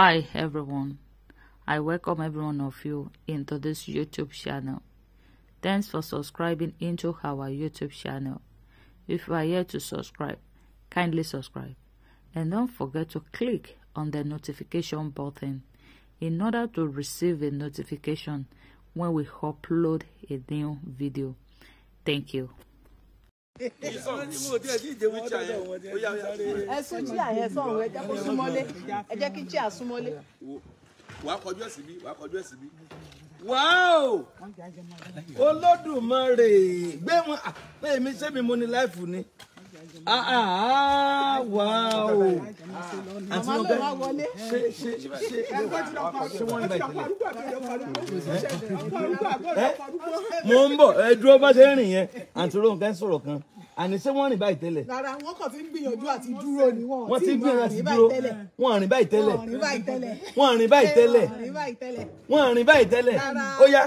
Hi everyone, I welcome every one of you into this YouTube channel. Thanks for subscribing into our YouTube channel. If you are here to subscribe, kindly subscribe and don't forget to click on the notification button in order to receive a notification when we upload a new video. Thank you. ẹsùn tí àyẹ sọ̀rọ̀ ẹ jẹ́ kó súnmọ́lé ẹ jẹ́ kí gbé wọn àpẹ́ ah, mi mo ní láìfù ni. Ah ó ah, ah, àti wọn bẹ ṣe ṣe ṣe ṣe wọn bẹ tẹ́lẹ̀ mo ń bọ̀ ẹ dúró bá ṣe ń rìn yẹn àti olóhùn kan sọ̀rọ̀ kan àní ṣé wọ́n rìn báyìí tẹ́lẹ̀. rárá wọn kàn ti ń gbìyànjú àti dúró ni wọn ò tí ì máa rìn báyìí tẹ́lẹ̀. wọn rìn báyìí tẹ́lẹ̀. wọn rìn báyìí tẹ́lẹ̀. wọn rìn báyìí tẹ́lẹ̀. ó yá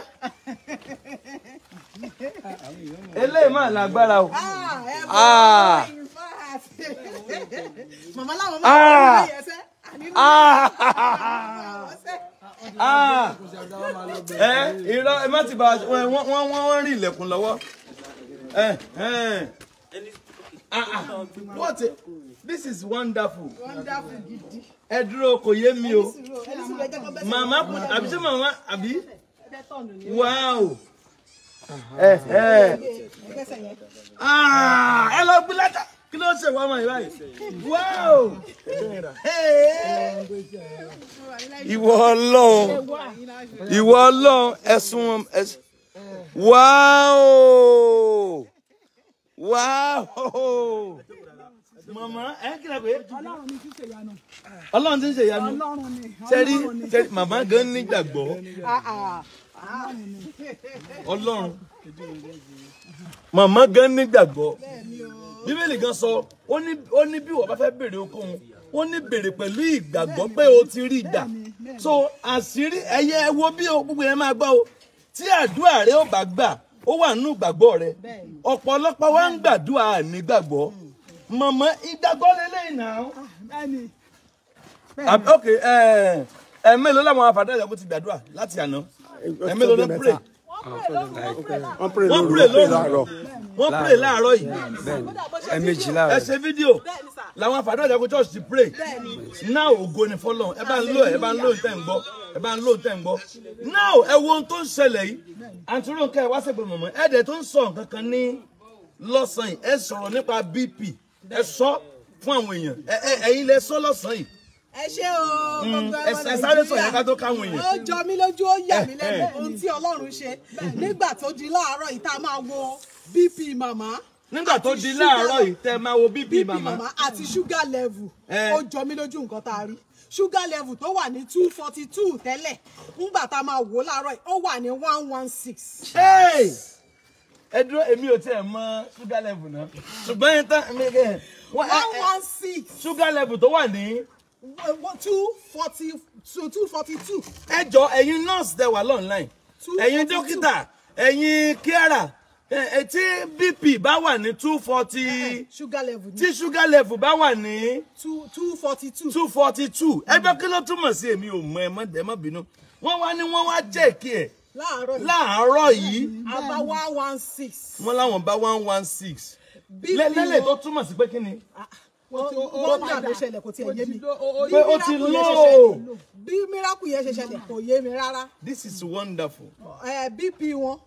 eléyìí máa lágbára o. Ah, Ah! Ah! máa ń bá wọn yẹsẹ ẹ ah! eh, irọ́ ẹ má ti bá wọ́n wọ́n wọ́n rìn ilẹ̀kùn lọ́wọ́ eh, eh. Ah, ah. what this is wonderful ẹ dúró kò yé mi o màmá àbí ṣé màmá àbí wow ẹ lọ gbé lẹ́tà kí ló ṣe wá ọmọ yìí báyìí wáò ìwọ Ọlọ́run ìwọ Ọlọ́run ẹsùn wáò wáò mọ̀mọ́ ẹ kíra pé ọlọ́run ti ń ṣèyanu ọlọ́run ti ń ṣèyanu sẹ́rí sẹ́rí màmá gan nígbàgbọ́ ọlọ́run màmá gan nígbàgbọ́ bíbélì gan sọ ó ní bí wọ́n bá fẹ́ béèrè okòwò ó ní béèrè pẹ̀lú ìgbàgbọ́ pé o ti rí ìgbà so àṣírí ẹyẹ wo bí gbogbo yẹn máa gbọ́ o tí àdúrà rẹ ò bá gbà ó wà nínú ìgbàgbọ́ rẹ ọ̀pọ̀lọpọ̀ wa ń gbàdúrà nígbàgbọ́ mọ̀mọ́ ìgbàgbọ́ lélẹ́yìn náà ok ẹ mélòó làwọn afàdé ìyàwó ti gbàdúrà láti àná ẹ mélòó ló pray wọ́n pray lóru wọ́n pray láàárọ̀ yìí ẹ̀ẹ̀mejì láàárọ̀ ẹ ṣe fídíò làwọn àfàdé ọ̀jà kó church ti pray now ògo ni fọlọ́ ẹ bá ń lò ẹ bá ń lò tẹ̀ ń ẹ bá ń lò tẹ̀ ń now ẹ wo ohun tó ń ṣẹlẹ̀ yìí àǹtí Rónkẹ́ wá sẹ́gbẹ̀ mọ̀mọ́ ẹ̀ẹ́dẹ̀ tó ń sọ nǹkan kan ní lọ́sàn-án ẹ sọ̀rọ̀ nípa BP ẹ sọ fún àwọn èèyàn ẹ̀yin lẹ sọ lọ́sàn-án yìí ẹ ṣe o mm, gbogbo ẹ sáré sọ yàtọ̀ tó káwọn èèyàn. ó jọ mí lójú ó yà mí eh, eh. lẹ́nu ohun tí Ọlọ́run ṣe nígbà tó di láàárọ̀ yìí tá a bp mama, nígbà tó di láàárọ̀ yìí tẹ máa wo bp màmá àti sugar level ó jọ mí lójú nǹkan tá a rí sugar level tó wà ní two forty two tẹ́lẹ̀ nígbà tá a máa wò ó láàárọ̀ yìí ó wà ní one one six. ẹ dúró èmi ò tiẹ̀ mọ sugar level náà ṣùgbọ́n yín tán mi kẹ́ one one six sugar level tó wà ní. two forty two two forty two. ẹ jọ ẹ̀yin nurse tẹ wà lọ́nláìn ẹ̀yin dókítà ẹ̀yin kíárà. Eh, eh, tí bp bá wà ní two forty eh, tí sugar level bá wà ní two forty two two forty two ẹgbẹ́ mm. kí ló túmọ̀ sí èmi ò mọ ẹ mọ́ ẹ má bínú wọ́n wá ní wọ́n wá jẹ́ẹ̀kì ẹ̀ láàárọ̀ yìí àbá one one six wọ́n láwọn bá one one six lẹ́lẹ́lẹ́ tó túmọ̀ sí pé kí ni ah, ah, wọ́n ní àbẹ̀ṣẹlẹ̀ kò tiẹ̀ yé mi pé ó ti lò ó bí miracle yẹn ṣe ṣẹlẹ̀ kò yé mi rárá. this is wonderful. ẹ bp wọn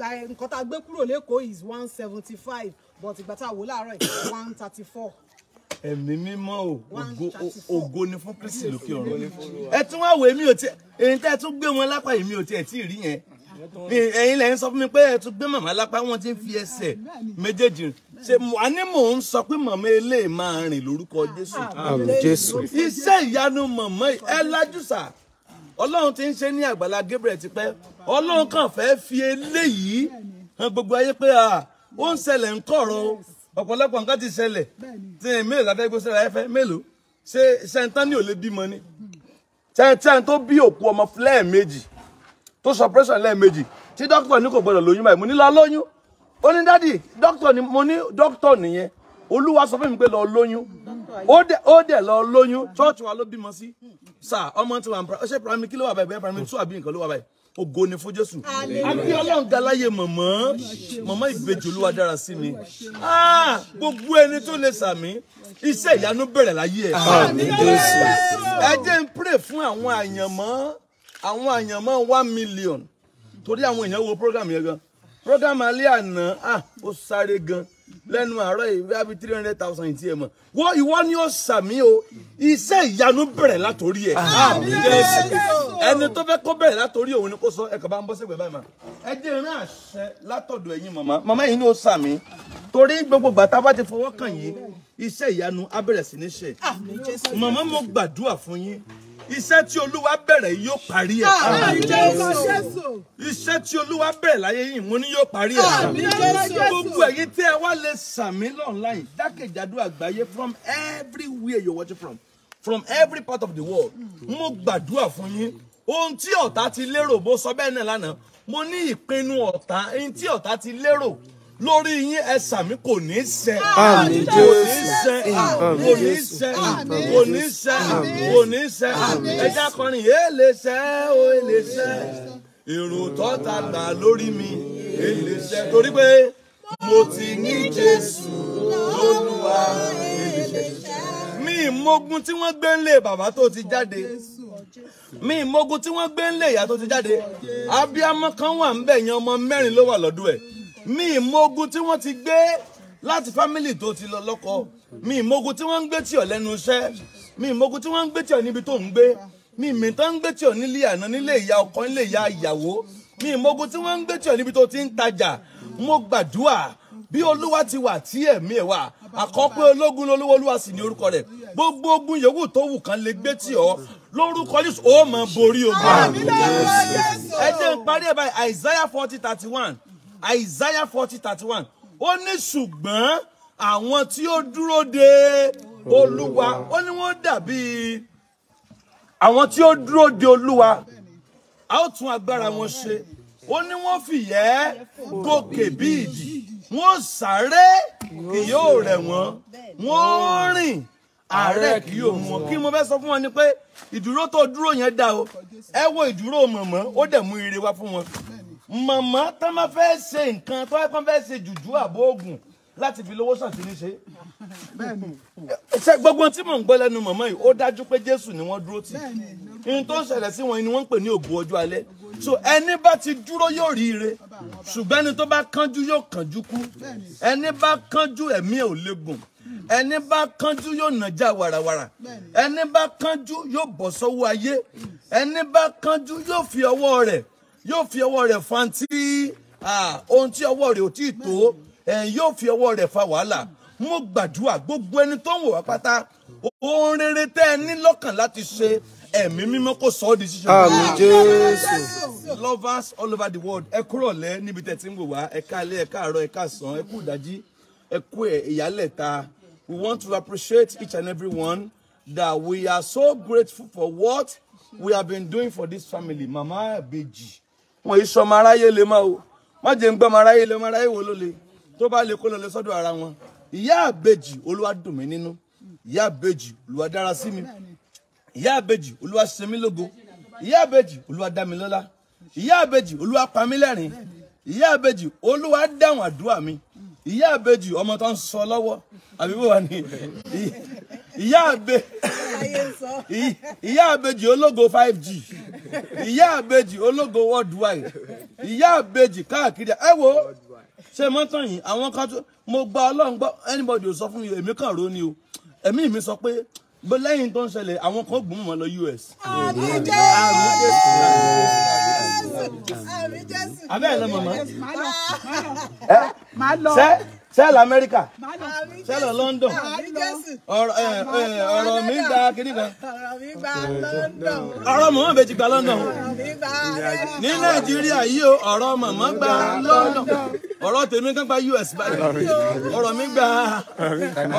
nǹkan tá a gbé kúrò lẹ́kọ̀ọ́ is one seventy five but ìgbà tá a wò láàárọ̀ yìí one thirty four ẹ̀mí mímọ́ o ògo ni fún Kristi lókè ọ̀run ẹ tún wá wò èmi ò tí èyí tẹ́ ẹ tún gbé wọn lápá èmi ò tí ẹ tí ì rí yẹn ẹ̀yin lẹ́yìn sọ fún mi pé ẹ tún gbé màmá lápá wọ́n ti ń fi ẹsẹ̀ méjèèjì ṣe wà ní mò ń sọ pé màmá eléyìí máa rìn lórúkọ Jésù. iṣẹ́ ìyanu màmá ẹ lajú sáà ọlọ́run ti ń ṣe ní àgbàlá Gabriel ti pẹ́ ọlọ́run kàn fẹ́ fi eléyìí hàn gbogbo ayé pé ó ń ṣẹlẹ̀ ń kọ̀rọ̀ ọ̀pọ̀lọpọ̀ nǹkan ti ṣẹlẹ̀ tí mélòó la fẹ́ gbé sẹ́ra ẹ̀fẹ́ mélòó ṣé ṣẹ́ntán ní ò lè bímọ ni ṣẹ́ntán tó bí òkú ọmọ lẹ́ẹ̀mejì tó sọ pẹ́sàn lẹ́ẹ̀mejì tí dókítà ní kò gbọdọ̀ lóyún báyìí mo ní lọ lóyún ó ní dádì dókítà ni mo ní dókítà nìyẹn olúwa sọ fún mi pé lọ lóyún ó dẹ̀ lọ lóyún chọ́ọ̀chì wa ló bímọ sí sà ọmọ tí wà ń ṣe primary kí ló wà báyìí primary two àbí nǹkan ló wà báyìí ògo ni fún Jésù àbí Ọlọ́run galáyé mọ̀mọ́ mọ̀mọ́ ìbejì Olúwa dára sí mi ah, gbogbo ẹni tó lè sàmí iṣẹ́ ìyanu bẹ̀rẹ̀ láyé ẹ̀ ẹ jẹ́ n pray fún àwọn àyànmọ́ àwọn àyànmọ́ one million torí àwọn èèyàn wo program yẹn gan program alẹ́ àná ah, ó sáré gan lẹ́nu àárọ̀ yìí bí abi three hundred thousand yìí tiẹ̀ mọ̀ wọ́n ìwọ ni ó sàmì o iṣẹ́ ìyanu bẹ̀rẹ̀ látòrí ẹ̀ ẹni tó fẹ́ kọ́ bẹ̀rẹ̀ látòrí òun ni kò sọ ẹ̀ka bá ń bọ́ sẹ́gbẹ̀ẹ́ báyìí mà ẹ jẹ́ ìran àṣẹ látọ̀dọ̀ ẹ̀yin mama. Mama, yìí ni ó sàmì torí gbogbo gbàtà bá ti fọwọ́ kàn yín iṣẹ́ ìyanu á bẹ̀rẹ̀ sí ní ṣe màmá mo gbàdúrà fún yín iṣẹ́ tí olúwa bẹ̀rẹ̀ yóò parí ẹ̀. Ah, iṣẹ́ tí olúwa bẹ̀rẹ̀ láyé yìí mo ní yóò parí ẹ̀. gbogbo ẹ̀yin tí ẹ wá lè sàmí online jákèjádò àgbáyé from everywhere you watch from from every part of the world hmm. mo gbàdúrà fún yín ohun tí ọ̀tá ti lérò bó sọ bẹ́ẹ̀ náà lánàá mo ní ìpinnu ọ̀tá ohun tí ọ̀tá ti lérò lórí yín ẹ̀sà mi kò ní ṣẹ. àmín Jésù kò ní ṣẹ kò ní ṣẹ kò ní ṣẹ ẹja kọrin èlé ṣẹ ó èlé ṣẹ èrò tọ́ta gbà lórí mi èlé ṣẹ torí pé mo ti ní Jésù lólúwa èlé ṣẹ. mi ìmọ̀gun tí wọ́n gbé lé bàbá tó ti jáde mi ìmọ̀gun tí wọ́n gbé lé ìyá tó ti jáde abiyamọ kan wà ń bẹ̀ ọmọ mẹ́rin ló wà lọ́dún ẹ̀ mi ìmọ̀ogun tí wọ́n ti gbé láti fámìlì tó ti lọ lọ́kọ mi ìmọ̀ogun tí wọ́n ń gbé tì ọ́ lẹ́nu iṣẹ́ mi ìmọ̀ogun tí wọ́n ń gbé tì ọ́ níbi tó ń gbé mi ìmìtọ́ ń gbé tì ọ́ nílé àná nílé ìyá ọkọ nílé ìyá ìyàwó mi ìmọ̀ogun tí wọ́n ń gbé tì ọ́ níbi tó ti ń tajà mo gbàdúrà bí olúwa ti wà tí ẹ̀mí ẹ̀ wà àkọ́pẹ́ ológun lolówó olúwa sì ní orúkọ rẹ̀ gbogbo ogun yòówù tó wù kan lè gbé tì ọ́ lórúkọ Jésù ó máa borí ogun. ẹ jẹ́ n parí ẹ̀ báyìí Isaiah forty thirty one. Isaiah forty thirty one ó ní ṣùgbọ́n àwọn tí ó dúró de olúwa ó ní wọ́n dàbí àwọn tí ó dúró de olúwa a ó tún agbára wọn ṣe ó ní wọ́n fìyẹ́ gòkè bí ìdì wọ́n sáré kì yóò rẹ̀ wọ́n wọ́n rìn àárẹ̀ kì yóò mú wọn kí mo fẹ́ sọ fún wọn ni pé ìdúró tó dúró yẹn dá o ẹ wo ìdúró mọ̀mọ́ ó dẹ̀ mú ire wá fún wọn Mama, tán máa fẹ́ ṣe nǹkan tó ẹ kàn fẹ́ ṣe abogun àbó oògùn láti fi lówó sàn sí ní ṣe. ṣe gbogbo tí mò ń gbọ́ lẹ́nu màmá yìí ó dájú pé ni wọ́n dúró tì ní tó ń ṣẹlẹ̀ sí ni wọ́n ń pè ní ògo ọjọ́ so ẹni bá ti dúró yóò rí ire ṣùgbọ́n ẹni tó bá kánjú yóò kánjú kú ẹni bá kánjú ẹ̀mí ẹ̀ ò lè gùn ẹni bá kánjú yóò nàjà wàràwàrà ẹni bá kánjú yóò bọ̀ sọ́wọ́ ayé ẹni bá kánjú yóò fi ọwọ́ rẹ̀ yóò fi ọwọ́ rẹ̀ fa ohun tí ọwọ́ rẹ̀ ò tí ì tó yóò fi ọwọ́ rẹ̀ fa wàhálà mo gbàdúrà gbogbo ẹni tó ń wò wá pátá ohun rere tẹ́ ẹ ní lọ́kàn láti ṣe ẹ̀mí mímọ́ kò sọ ọ́ di ṣíṣe. àmín jésù. lovers all over the world ẹ kúrò lẹ níbi tẹ̀ tí ń wò wá ẹ káalẹ́ ẹ káàárọ̀ ẹ káàsán ẹ kú ìdájí ẹ kú ìyálẹ̀ ta we want to appreciate each and every one that we are so grateful for what we have been doing for this family mama Ìbejì wọn yìí sọmọ aráyé lè máa o wọn jẹ ń gbọmọ aráyé lè mọ aráyé wò ló le tó bá lè kó lọ lè sọ́dọ̀ ara wọn ìyá àbèjì olúwa dùn mí nínú ìyá àbèjì olúwa dára sí mi ìyá àbèjì olúwa ṣe mí lógo ìyá àbèjì olúwa dá mi lọ́lá ìyá àbèjì olúwa pa mí lẹ́rìn ìyá àbèjì olúwa dáhùn àdúrà mi ìyá àbèjì ọmọ tó ń sọ lọ́wọ́ àbí bó wà ìyá àbèjì ológo 5G ìyá àbejì ológo worldwide ìyá àbejì káàkiri ẹ wo ṣe mọ́tàn yìí àwọn kan tó mo gba ọlọ́run gbọ́ anybody ò sọ fún mi èmi kàn ró ni o ẹ̀mí mi sọ pé bó lẹ́yìn tó ń ṣẹlẹ̀ àwọn kan gbọ́n mọ́ lọ US. abẹ́ẹ̀ lọ mọ̀mọ́. ṣé sẹ́ẹ̀lì amẹ́ríkà sẹ́ẹ̀lì london ọ̀rọ̀ mi gba kiri kan ọ̀rọ̀ mọ̀mọ́ bẹ ti gba london ní nàìjíríà yìí o ọ̀rọ̀ mọ̀mọ́ gba london ọ̀rọ̀ tèmi kan gba us báyìí ọ̀rọ̀ mi gba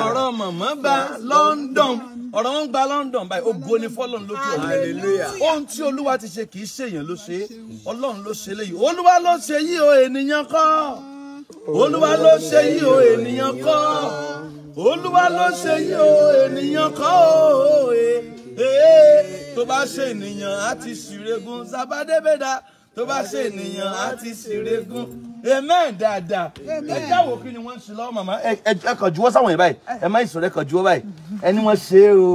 ọ̀rọ̀ mọ̀mọ́ gba london ọ̀rọ̀ wọn gba london báyìí ògo ni fọlọ́n lókè ọ̀rọ̀ ohun tí olúwa ti ṣe kì í ṣèyàn ló ṣe ọlọ́run ló ṣe léyìí olúwa ló ṣe yìí o ènìyàn kọ́ olúwa ló ṣe yìí o ènìyàn kọ́ olúwa ló ṣe yìí o ènìyàn kọ́ o ee tó bá ṣe ènìyàn á ti ṣìrègùn zabadébédà tó bá ṣe ènìyàn á ti ṣìrègùn amen dada. ẹ jáwó kí ni wọ́n ń ṣe lọ́wọ́ màmá ẹ kàn juwọ́ sáwọn yẹn báyìí ẹ má ìṣòro ẹ kàn juwọ́ báyìí ẹni wọ́n ṣe é o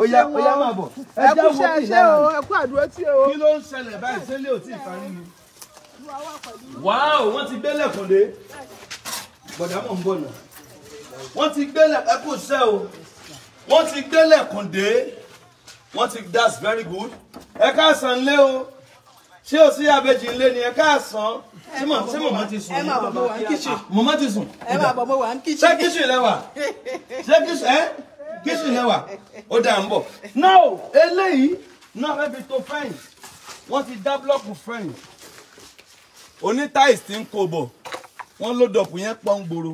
ó yá ó yá máa bọ̀ ẹ jáwó kí ni wọ́n ń ṣe o ẹ kú àdúró tí o kí ló ń ṣẹlẹ̀ báyìí ṣẹlẹ̀ ò tí ì parí ni wáá o wọ́n ti gbélẹ̀kùn dé bọ̀dá mọ̀ ń bọ̀ nà wọ́n ti gbélẹ̀ ẹ kò sẹ́ o wọ́n ti gbélẹ̀kùn dé wọ́n ti that's very good ẹ káàsán lé o ṣé o sí abẹ́jì ńlé ni ẹ káàsán ṣé mọ̀mọ́ ti sùn. ẹ máa bọ̀ mo wà ní kíṣìn. mọ̀mọ́ ti sùn. ẹ máa bọ̀ mo wà ní kíṣìn. ṣé kíṣìn lẹ wà ṣé kíṣìn ẹ kíṣìn lẹ ó dà ń bọ̀. now eléyìí náà ẹ bi tó fẹ́yìn wọ́n ti dá búlọ́ọ̀kù fẹ́yìn oní táìsì ń kó bọ̀ wọ́n ló dọ̀pù yẹn pọ́n gbòòrò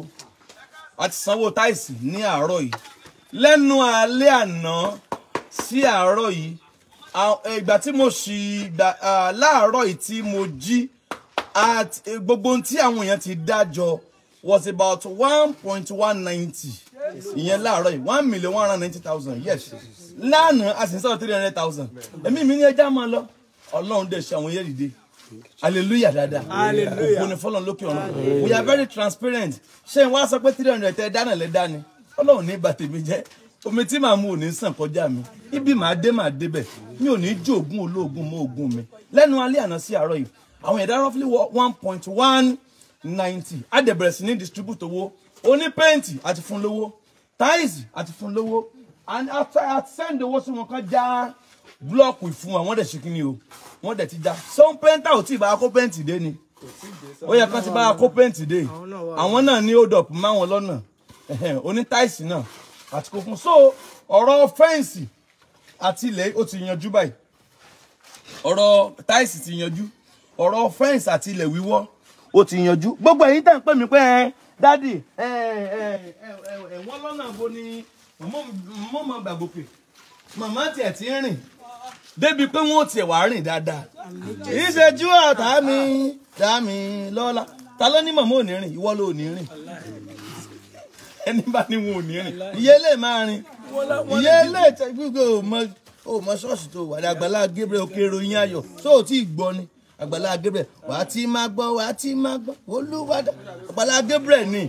àti sanwó táìsì ní àárọ̀ yìí lẹ́nu alẹ́ àná sí àárọ̀ yìí ìgbà tí mo sì láàárọ̀ yìí tí mo jí gbogbo tí àwọn èèyàn ti dájọ was about one point one ninety ìyẹn láàárọ̀ yìí one million one hundred ninety thousand yes lánàá a sì ń sọ̀rọ̀ three hundred thousand èmi mi ní ẹja máa lọ ọlọ́run dẹ̀ ṣe àwọn yẹ́rìí dé hallelujah dada òkú ni fọlọ́n lókè ọ̀run we are very transparent ṣé wọ́n á sọ pé three hundred tẹ dáná lẹ dání ọlọ́run ní bà omi tí màá mu ò ní sàn mi ibi màá dé màá débẹ̀ mi ò ní jó ògùn olóògùn mọ́ ògùn mi lẹ́nu alẹ́ àná sí àárọ̀ yìí àwọn roughly one point one ninety adẹ̀bẹ̀rẹ̀ sí ní distribute owó oní pẹ́ǹtì àti fún lówó and after i send owó sí wọn kan já búlọ́ọ̀kù ìfún wọn wọ́n dẹ̀ ṣe o wọ́n dẹ̀ ti já sọ́n pẹ́ńtà ò tí ì bá kó pẹ́ǹtì dé ni ó yẹ kán ti bá kó pẹ́ǹtì dé àwọn náà ní hold up máwọn lọ́nà onítáìsì náà àti kò fún so ọ̀rọ̀ fẹ́ǹsì àti ilẹ̀ ó ti yanjú báyìí ọ̀rọ̀ táìsì ti yanjú ọ̀rọ̀ fẹ́ǹsì àti ilẹ̀ wíwọ́ ó ti yanjú gbogbo èyí tẹ̀ ń pè mí pé dádì ẹ̀wọ́n lọ́nà bo ni mọ́mọ́ gbàgbókè màmá tiẹ̀ ti ń rìn débi pé wọn ò tiẹ̀ wá rìn dáadáa ìṣẹ́jú àtà mi dá mi lọ́la ta ló ní mọ̀mọ́ ò ní rìn ìwọ ló ò ní rìn ẹni bá ní wọn ò ní rìn iye lè máa rìn iye lè tẹ ò mọ ṣọ́ọ̀ṣì tó wà ní àgbàlá Gabriel òkèrò yín ayọ̀ tó ò tí ì gbọ́ ni àgbàlá Gabriel wà á ti máa gbọ́ wà á ti máa gbọ́ olúwadà àgbàlá Gabriel ni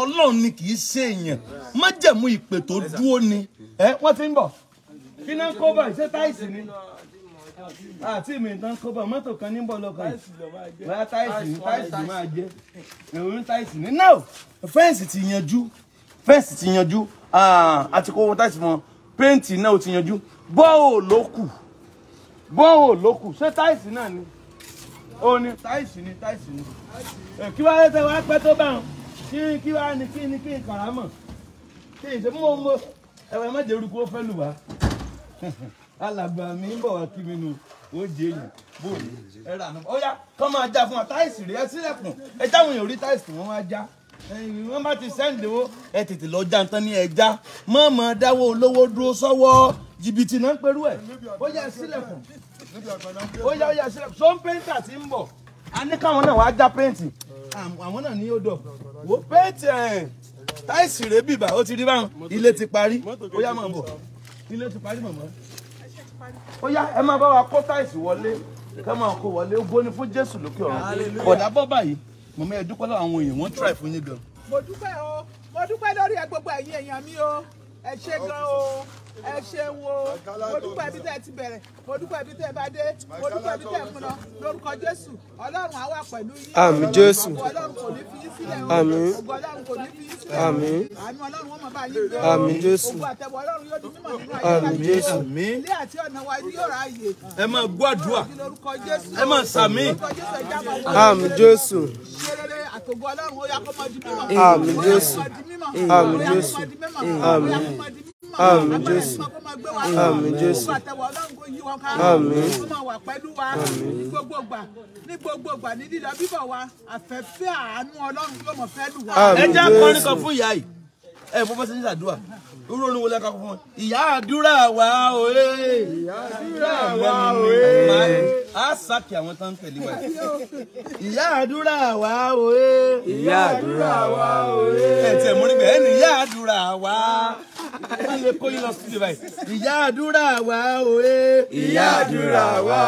Ọlọ́run ni kì í ṣe èèyàn májẹ̀mú ìpè tó dúró ni wọ́n ti ń bọ̀ kí náà kó bọ̀ ṣé táìsì ni àti mi ìtàn kó bọ̀ mọ́tò kan ní bọ̀ lọ́kàn yìí bóyá táìsì ni táìsì máa jẹ ìròyìn táìsì ni now fẹ́ǹsì ti yanjú fẹ́ǹsì ti yanjú àti kó wọn táìsì wọn péǹtì náà ó ti yanjú bọ́ọ̀ ló kù bọ́ọ̀ ló kù ṣé táìsì náà ni ó ní táìsì ni táìsì ni kí wàá lẹ́sẹ̀ wá pẹ́ tó bá wọn kí kí wàá ní kí ní kí n kàrà mọ̀ kí n ṣe mú mo ẹ̀wẹ̀ má orúkọ fẹ́ lù wá alàgbà mi ń bọ̀ wá kí mi nù ó jẹ èèyàn bóòlù ẹ rà nù. ọ̀yá kọ́ máa já fún wa táìsì rẹ̀ ẹ sílẹ̀kùn ẹ táwọn èèyàn rí táìsì wọn wá já wọ́n bá ti sẹ́ǹdì owó ẹ tètè lọ já nǹkan ní ẹja mọ̀ọ́mọ́ dáwọ́ olówó dúró sọ́wọ́ jìbìtì náà ń perú ẹ̀ ó yá sílẹ̀kùn ó yá ó yá sílẹ̀kùn sọ́n pẹ́ńtà ti ń bọ̀ a ní káwọn náà wá já pẹ́ǹtì àwọn náà ní yóò dọ̀ wò pẹ́ǹtì ẹ̀ táìsì rẹ̀ bìbà ó ti rí báwọn ilé ti parí ó yá máa bọ̀ ilé ti parí màmá ó yá ẹ máa bá wa kó táìsì wọlé kẹ máa kó wọlé ó gbóni fún Jésù lókè ọ̀run kódà bọ́ báyìí màmá ẹ dúpẹ́ lọ́wọ́ àwọn èèyàn wọ́n tíráì fún yín gan. mo dúpẹ́ o mo dúpẹ́ lórí ẹ gbogbo ẹ̀yin èèyàn mi o ẹ ṣé gan o ẹ ṣeun o mo dúpẹ́ ibi tẹ́ ẹ ti bẹ̀rẹ̀ mo dúpẹ́ ibi tẹ́ ẹ bá dé mo dúpẹ́ ibi tẹ́ ẹ fún lọ lórúkọ jésù ọlọ́run á pẹ̀lú yín jésù ọlọ́run kò ní fi yín jésù ògùn ẹ máa gbọ́ ẹ máa sàmì àmín jésù àmín jésù àmín jésù àmín àmín jésù àmín jésù àmín àmín ní gbogbo ìgbà ní dídá bíbọ̀ wa àfẹ́fẹ́ àánú ọlọ́run yóò mọ̀ fẹ́ lù wá. ẹ jẹ́ akọrin kan fún ìyá yìí ẹ bó fẹsẹ̀ ní sàdúrà irú orin wo lẹ́ka fún wọn. ìyá àdúrà wa òye ìyá àdúrà wa òye a sàkì àwọn tó ń tẹ̀lé wa. ìyá àdúrà wa òye ìyá àdúrà wa òye ẹ̀ tẹ̀ mọ́rin bẹ́ẹ̀ ni ìyá àdúrà wa wọ́n lè kó yín lọ sí ibà yìí. ìyá àdúrà wa òye. Eh. ìyá àdúrà wa.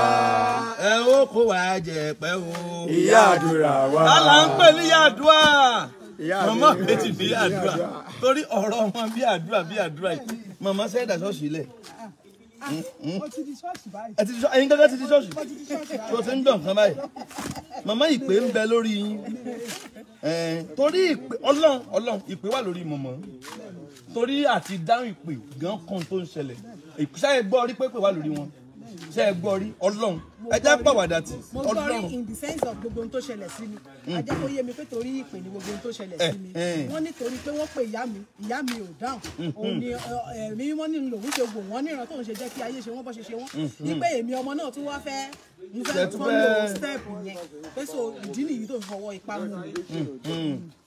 ẹ ó kó wa jẹ pẹ́ o. ìyá àdúrà wa. lálà ń pè ní ìyá àdúrà. màmá méjì bí àdúrà torí ọ̀rọ̀ wọn bí àdúrà bí àdúrà yìí màmá sẹ́dà ṣọ́ọ̀ṣì lẹ̀ ẹ̀yin hmm? gángan hmm? ti di ṣọ́ọ̀ṣì tó ti ń dàn kan báyìí màmá ìpè ń bẹ lórí yín torí ọlọ́run ọlọ́run ìpè wà lórí mọ̀mọ́ torí àti dáhùn ìpè gan kan tó ń ṣẹlẹ̀ ṣé ẹ gbọ́ rí pé pè wá lórí wọn ṣé ẹ gbọ́ rí ọlọ́run ẹ jẹ́ pàwàdà tì ọlọ́run. mo gbọ́ rí in the sense of gbogbo ohun tó ṣẹlẹ̀ sí mi ajá mm. kó yé mi pé torí ìpè ni gbogbo ohun tó ṣẹlẹ̀ sí mi eh, eh. wọ́n nítorí pé wọ́n pe ìyá mi ìyá mi ò dáhùn mm-hmm. òun ni eh, ẹ̀mí wọ́n ní lòun ṣe wò wọ́n níran tóun ṣe jẹ́ kí ayé ṣe wọ́n bọ́ ṣe ṣe wọ́n ní mm-hmm. pé èmi ọmọ náà tún wá fẹ́ ìfẹ́ tó ń lo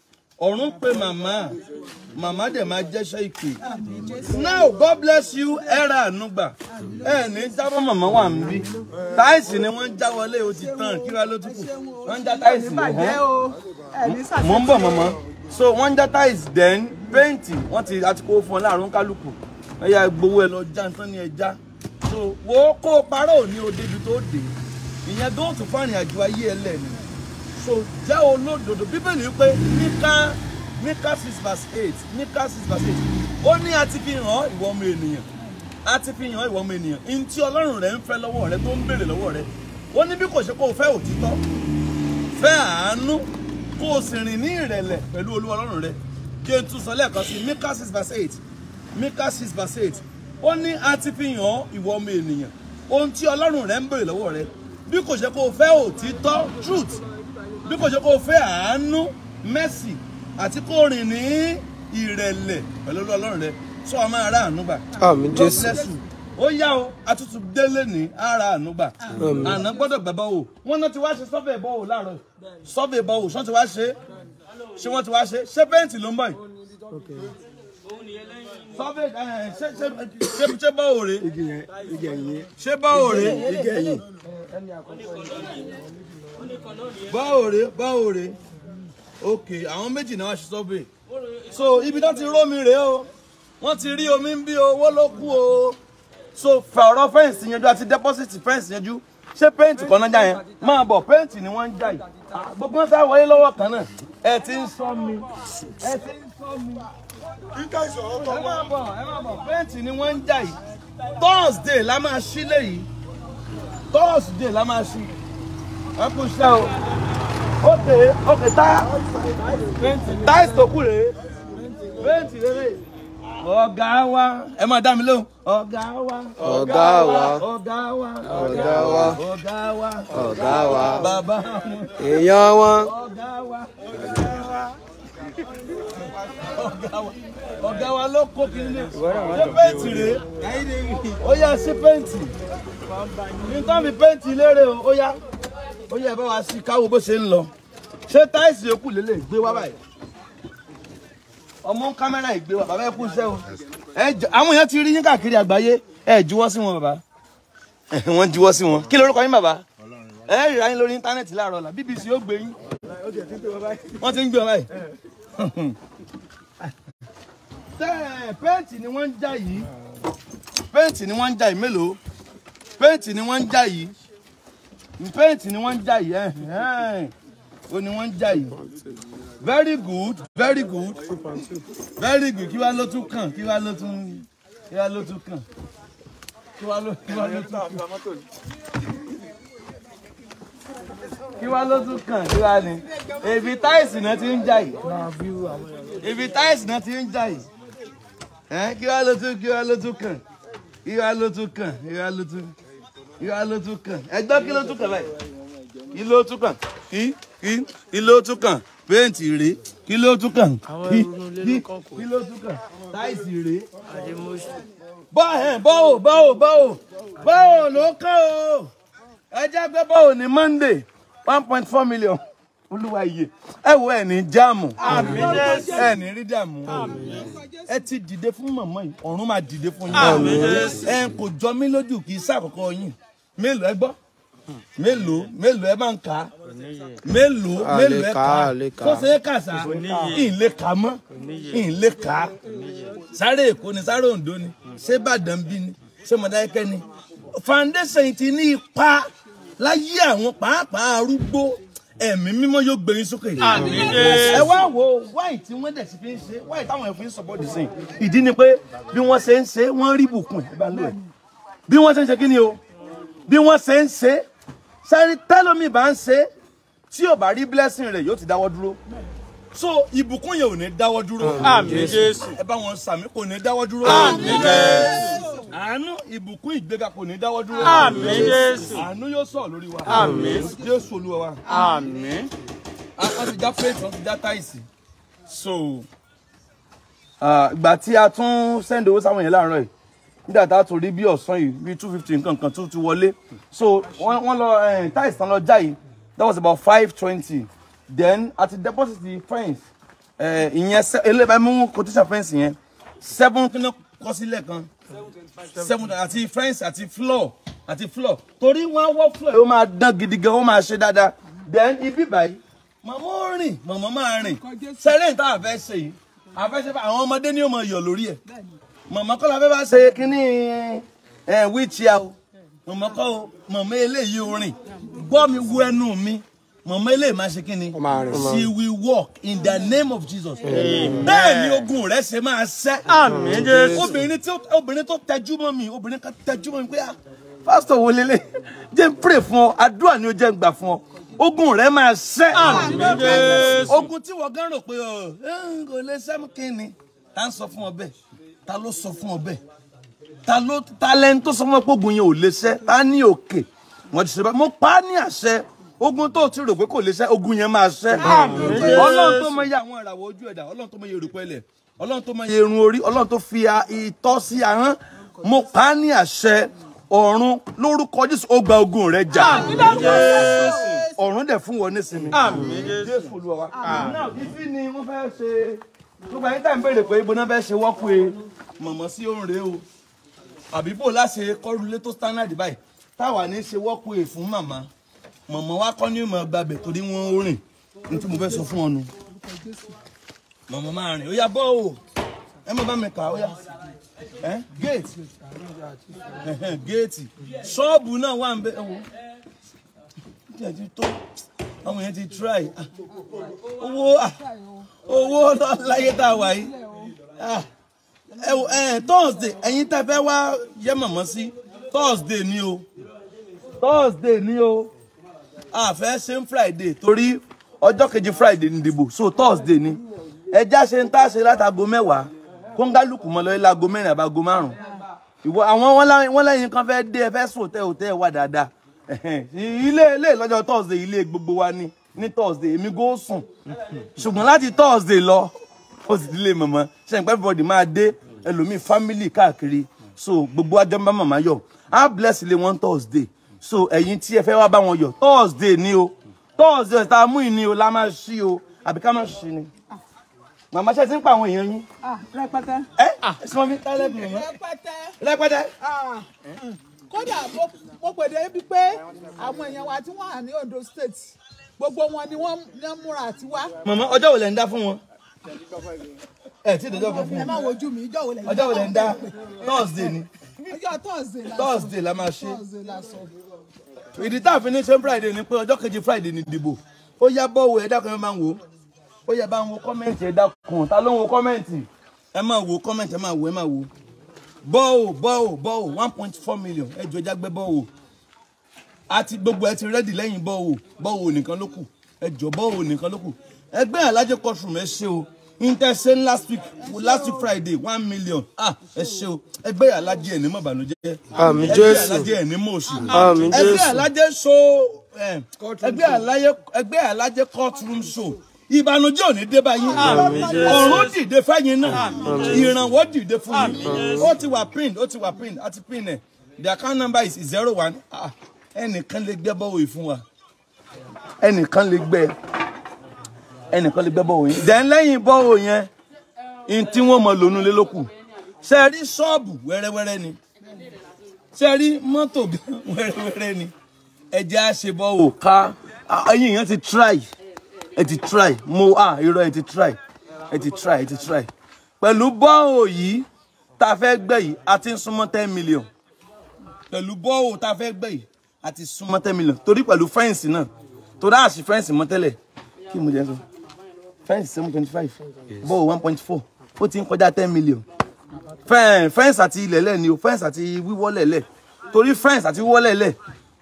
ọ̀run pé màmá màmá dẹ̀ máa jẹ́ṣẹ́ ìpè now God bless you ẹ̀rà ànúgbà ẹ̀ ní jábọ́ màmá wà ń bí táìsì ni wọ́n ń já wọlé o ti tán kíra ló tún kù wọ́n ń já táìsì lọ́hán mò ń bọ̀ màmá so wọ́n ń já táìsì then pẹ́ǹtì wọ́n ti àti kó fún ọ láàrún kálukú ẹ̀yà gbowó ẹ̀ lọ já nǹkan ni ẹ̀ já so wo kó parọ́ òní o débi tó dé ìyẹn tó tún fún àrìn ayé ẹlẹ́ni so jẹ́ olódodo bíbélì wípé níká níká six verse eight níká six verse eight ó ní a ti fi hàn ìwọ ọmọ ènìyàn a ti fi hàn ìwọ ọmọ ènìyàn ní tí ọlọ́run rẹ̀ ń fẹ́ lọ́wọ́ rẹ̀ tó ń béèrè lọ́wọ́ rẹ̀ ó ní bí kò ṣe kó o fẹ́ òtítọ́ fẹ́ àánú kó o sì rìn ní ìrẹ̀lẹ̀ pẹ̀lú olúwa ọlọ́run rẹ̀ kí n tún sọ lẹ́ẹ̀kan sí míkà six verse eight míkà six verse eight ó ní a ti fi hàn ìwọ ọmọ ènìyàn ohun tí ọlọ́run rẹ̀ ń béèrè lọ́wọ́ rẹ̀ bí kò ṣe kó o fẹ́ òtítọ́ truth bí kò ṣe kó fẹ́ àánú mẹ́sì àti kó rìn ní ìrẹ̀lẹ̀ pẹ̀lú ọlọ́run rẹ sọ ọmọ ara àánú gbà. àmín jésù ó yá o àtútù délé ní ara àánú gbà àná gbọ́dọ̀ gbẹ̀bọ̀ o wọ́n náà ti wá ṣe sọ́fẹ̀ bọ̀ o láàárọ̀ sọ́fẹ̀ bọ̀ o ṣé wọ́n ti wá ṣe ṣé wọ́n ti wá ṣe ṣé bẹ́ǹtì ló ń bọ̀ yìí ṣe bá òre ṣe bá òre báwo rè báwo rè ok àwọn méjì náà ṣe sọ́bẹ̀ so ibi náà ti rómi rèé o wọ́n ti rí omi ń bí owó ló kú o so fẹ̀rọ fẹ́ǹsì yẹn ju àti dẹ́pọ́sìtì fẹ́ǹsì yẹn ju ṣé pẹ́ǹtì kan náà já yẹn máa bọ̀ pẹ́ǹtì ni wọ́n ń já yìí gbogbo wọn sáré wọlé lọ́wọ́ kan náà ẹ ti ń sọ mi ẹ ti ń sọ mi. ike ìṣòro kan wà. ẹ máa bọ̀ ẹ máa bọ̀ pẹ́ǹtì ni wọ́n ń já yìí thursday la máa ṣí léyìí thursday la máa ṣí ẹ kú iṣẹ́ o ókè ókè tá táìsì tó kù rèé bẹ́ẹ̀ntì rèé Ogawa, wa ẹ máa Ogawa. mi lóhùn. ọ̀gá wa ọ̀gá wa ọ̀gá wa ọ̀gá wa ọ̀gá wa ọ̀gá wa bàbá èèyàn wọn. ọ̀gá wa ọ̀gá wa ọ̀gá wa ló kó ó yẹ bá wa sí káwo bó ṣe ń lọ ṣé táìsì yòókù lélẹ̀ gbé wá báyìí ọmọ kámẹ́rà ìgbé wa bàbá ẹ kú iṣẹ́ o àwọn èèyàn ti rí yín káàkiri àgbáyé ẹ juwọ́ sí wọn bàbá wọ́n juwọ́ sí wọn kí lorúkọ yín bàbá ẹ rírà yín lórí íńtánẹ́ẹ̀tì láàárọ̀ ọ̀la BBC ó gbé yín wọ́n ti ń gbé wọn báyìí pẹ́ǹtì ni wọ́n ń jà yìí pẹ́ǹtì ni wọ́n ń jà yìí mélòó pẹ́ǹtì ni wọ́n ń jà yìí pẹ́ǹtì ni wọ́n ń jà yìí ó ní wọ́n ń jà yìí very good very good very good kí wá ló tún kàn kí wá ló tún kí wá ló tún kàn kí wá ló kí wá ló tún kàn kí wá ló tún kàn kí wá ni ibi táìsì náà ti ń jà yìí ibi táìsì náà ti ń jà yìí kí wá ló tún kí wá ló tún kàn kí wá ló tún kàn kí wá ló tún ìwà ló tún kàn ẹgbẹ́ kí ló tún kàn báyìí kí ló tún kàn kí kí kí ló tún kàn péǹtì rèé kí ló tún kàn kí kí kí ló tún kàn táìsì rèé. báwo báwo báwo báwo ló kàn o ẹ jẹ́ pé báwo ní Monday one point four million olúwa iye ẹ wo ẹ ní jáàmù ẹ ní rí dààmú ẹ ti dìde fún màmá yìí ọ̀run máa dìde fún yín ẹ kò jọ mí lójú kì í ṣàkókò yín mélòó ẹ gbọ́ mélòó mélòó ẹ máa ń kà á mélòó mélòó ẹ kà á kó ṣe é kà sá ìlé kà á mọ́ ìlé kà á sáré èkó ni sáré Oǹdó ni ṣé Ìbàdàn bí ni ṣé Mọdákẹ́kẹ́ ni foundation ti ní ipa láyé àwọn pàápàá arúgbó ẹ̀mí mímọ́ yóò gbé sókè. ẹ wá wo wáì tí wọ́n dẹ̀ sí fi ń ṣe wáì táwọn ẹ̀ fi ń sọ̀bọ̀dì sí i ìdí ni pé bí wọ́n ṣe ń ṣe wọ́n rí bùkún ẹ̀ bí wọ́n ṣe ń ṣe kí ni o bí wọ́n ṣe ń ṣe sẹ́ni tẹ́lómi bá ń ṣe tí ò bá rí blessing rẹ̀ yóò ti dáwọ́ dúró so ìbùkún yẹn ò ní dáwọ́ dúró àmín jésù ẹ bá wọn sàmì kò ní dáwọ́ dúró àmín jésù àánú ìbùkún ìgbéga kò ní dáwọ́ dúró àmín jésù àánú yóò sọ̀ lórí wa àmín jésù olúwa wa àmín wọ́n ti já plate wọ́n ti já táìsì so ìgbà tí a tún sẹ́ndowó sáwọn yẹn láàárọ̀ yìí nígbà tá a tún rí bí ọ̀sán yìí bí two fifty nǹkan kan tún ti wọlé so wọ́n lọ eh, táìsì tán lọ já yìí that was about five twenty then àti deposit the fence eh, ìyẹn eléba mú quotation fence yẹn seven kí ló kọ sílẹ̀ kan seven àti fence àti floor àti floor torí wọ́n wọ́ floor yìí ó máa dán gidi gan ó máa ṣe dáadáa then ibi báyìí màmá ó rìn màmá máa rìn sẹ́rìn tá a fẹ́ ṣe yìí a fẹ́ ṣe fún àwọn ọmọdé ní ó máa yọ̀ lórí ẹ̀ mọ̀mọ́ kọ́ la fẹ́ bá ṣe kínní ẹ̀ wíìchìá o mọ̀mọ́ o mọ̀mọ́ eléyìí orin gbọ́ mi wú ẹnu mi mọ̀mọ́ eléyìí máa ṣe kínní she will walk in the name of Jesus bẹ́ẹ̀ ni ogun rẹ̀ ṣe máa ṣẹ́ obìnrin tó tẹjú mọ́ mi obìnrin kan tẹjú mọ́ mi pé ah, pásítọ̀ wo lélẹ̀ jẹ́ n pray fún ọ àdúrà ni ó jẹ́ n gbà fún ọ ogun rẹ máa ṣẹ́ ogun tí wọ́n gán rò pé ọ oh, eh, kò lè ṣẹ́ mú kínní tá à ń sọ fún ọ bẹ́ẹ̀ ta ló sọ fún ọ bẹ́ẹ̀ ta ló ta lẹni tó sọ fún ọ pé ogun yẹn ò lè ṣẹ ta ní òkè wọn ti ṣe bá mo pa á ní àṣẹ ogun tó ti rò pé kò lè ṣẹ ogun yẹn máa ṣẹ Ọlọ́run tó mọ iye àwọn ìràwọ̀ ojú ẹ̀dá Ọlọ́run tó mọ iye èrùpẹ̀ lẹ̀ tó mọ iye irun orí Ọlọ́run tó fi itọ́ sí ahọ́n mo pa á ní àṣẹ ọ̀run lórúkọ Jésù ó gba ogun rẹ jà ọ̀run dẹ̀ fún wọn nísinmi Jésù Olúwa wa. now ìfín ni wọ́n fẹ́ ṣe gbogbo ayé tá à ń béèrè pé ibo fẹ́ ṣe wọ́pù e mọ̀mọ́ sí òun rèé o àbí bò láṣẹ kọ́rùlé tó standard báyìí táwa ní ṣe wọ́pù e fún màmá mọ̀mọ́ wa kọ́ ní ìmọ̀ gbàgbé torí wọ́n ó rìn ní tí mo fẹ́ sọ fún ọ nu mọ̀mọ́ máa rìn ó yá bọ́ o ẹ má bá mi kà ó yá géètì géètì ṣọ́ọ̀bù náà wà ń bẹ wò ó tí tó ọmọ yẹn ti try ah. owó ah. owó láyé tá a wà yìí ah. thursday ẹ̀yin tẹ́ fẹ́ wá yẹ mọ̀mọ́ sí thursday ni o thursday ni o àfẹ́ ṣe ń friday torí ọjọ́ kejì friday ni ìdìbò so thursday ni ẹjá ṣe ń tá a ṣe látago mẹ́wàá kóńgálùkù mọ́ lọ́ọ́ láago mẹ́rin àbágo márùn-ún ìwọ àwọn wọn lẹ́yìn kan fẹ́ dé ẹ fẹ́ sùn tẹ́ ò tẹ́ ẹ wà dáadáa ilé ilé lọ́jọ́ thursday ilé gbogbo wa ni ní thursday èmi kò sùn ṣùgbọ́n láti thursday lọ ó sì dílé mọ̀mọ́ ṣe ń pẹ́ everybody máa dé ẹlòmíì family káàkiri so gbogbo ajọ́ ń bá màmá yọ̀ á bless ilé wọn thursday so ẹ̀yin tí ẹ fẹ́ wá bá wọn yọ̀ thursday ni o thursday ọ̀sẹ̀ tá a mú ìní o la máa ṣí o àbí ká ṣí ni màmá ṣe ti ń pa àwọn èèyàn yín. rẹpẹtẹ. ẹ ẹ sọ mi ká lẹbi mọ rẹpẹtẹ. rẹpẹtẹ kódà mo pèdè ibi pé àwọn èèyàn wa tí wọ́n wà ní Ondo state gbogbo wọn ni wọ́n múra àti wá. màmá ọjọ́ wo lẹ ń dá fún wọn ẹ tí ìdọ́jọ́ kan fún mi. ọjọ́ wo lẹ ń dá. thursday ni. thursday la thursday la máa ṣe. ìdí tá a fi ní ṣe friday ni pé ọjọ́ kejì friday ni ìdìbò ó yá bọ́ọ̀wù ẹ dákun ẹ máa ń wò ó yá bá ń wo kọ́mẹ́ǹtì ẹ dákun ta ló ń wo kọ́mẹ́ǹtì ẹ máa wo kọ́mẹ́ǹtì ẹ máa wo ẹ máa wo bọ́ọ̀ bọ́ọ̀ bọ́ọ̀ one point four million ẹjọ́ jágbẹ́ bọ́ọ̀ àti gbogbo ẹ ti rẹ́dì lẹ́yìn bọ́ọ̀ bọ́ọ̀ nìkan ló kù ẹjọ́ bọ́ọ̀ nìkan ló kù ẹgbẹ́ alájẹ kọ́sùrùm ẹ ṣe o interse last week last week friday one million ah ẹ ṣe o ẹgbẹ́ alájẹ ẹ̀ ní mọ̀ bànújẹ́ àmín jésù ẹgbẹ́ alájẹ ẹ̀ ní mọ̀ òṣì àmín ẹgbẹ́ alájẹ so eh, ẹgbẹ́ alájẹ courtroom show ìbànújẹ́ ò ní dé bá yín ọ̀run dìde fẹ́yìn náà ìrànwọ́ dìde fún yín ó ti wà pin ó ti wà pin àti pin ẹ̀ the account number is zero one ah, ẹnìkan lè gbẹ́ bọ́wọ́ ìfún wa ẹnìkan lè gbẹ́ ẹnìkan lè gbẹ́ bọ́wọ́ yẹn then lẹ́yìn bọ́wọ́ yẹn n tí wọ́n mọ lónú lé lókù ṣe rí ṣọ́ọ̀bù wẹ́rẹ́wẹ́rẹ́ ni ṣe rí mọ́tò wẹ́rẹ́wẹ́rẹ́ ni ẹ̀jẹ̀ á ṣe ká ẹ̀yìn yẹn ti try ẹ ti try mo ah irọ́ ẹ ti try ẹ ti try ẹ ti try pẹ̀lú bọ́ọ̀ yìí tá a fẹ́ gbẹ́ yìí a ti ń súnmọ́ ten million pẹ̀lú bọ́ọ̀ tá a fẹ́ gbẹ́ yìí a ti súnmọ́ ten million torí pẹ̀lú fẹ́ǹsì náà torí àṣì fẹ́ǹsì mọ́ tẹ́lẹ̀ kí mo jẹ́ sọ fẹ́ǹsì seven twenty five bọ́ọ̀ one point four ó ti ń kọjá ten million fẹ́ǹsì àti ilẹ̀ lẹ̀ ni o fẹ́ǹsì àti wíwọ́ lẹ̀ lẹ̀ torí fẹ́ǹsì àti wíwọ́ lẹ̀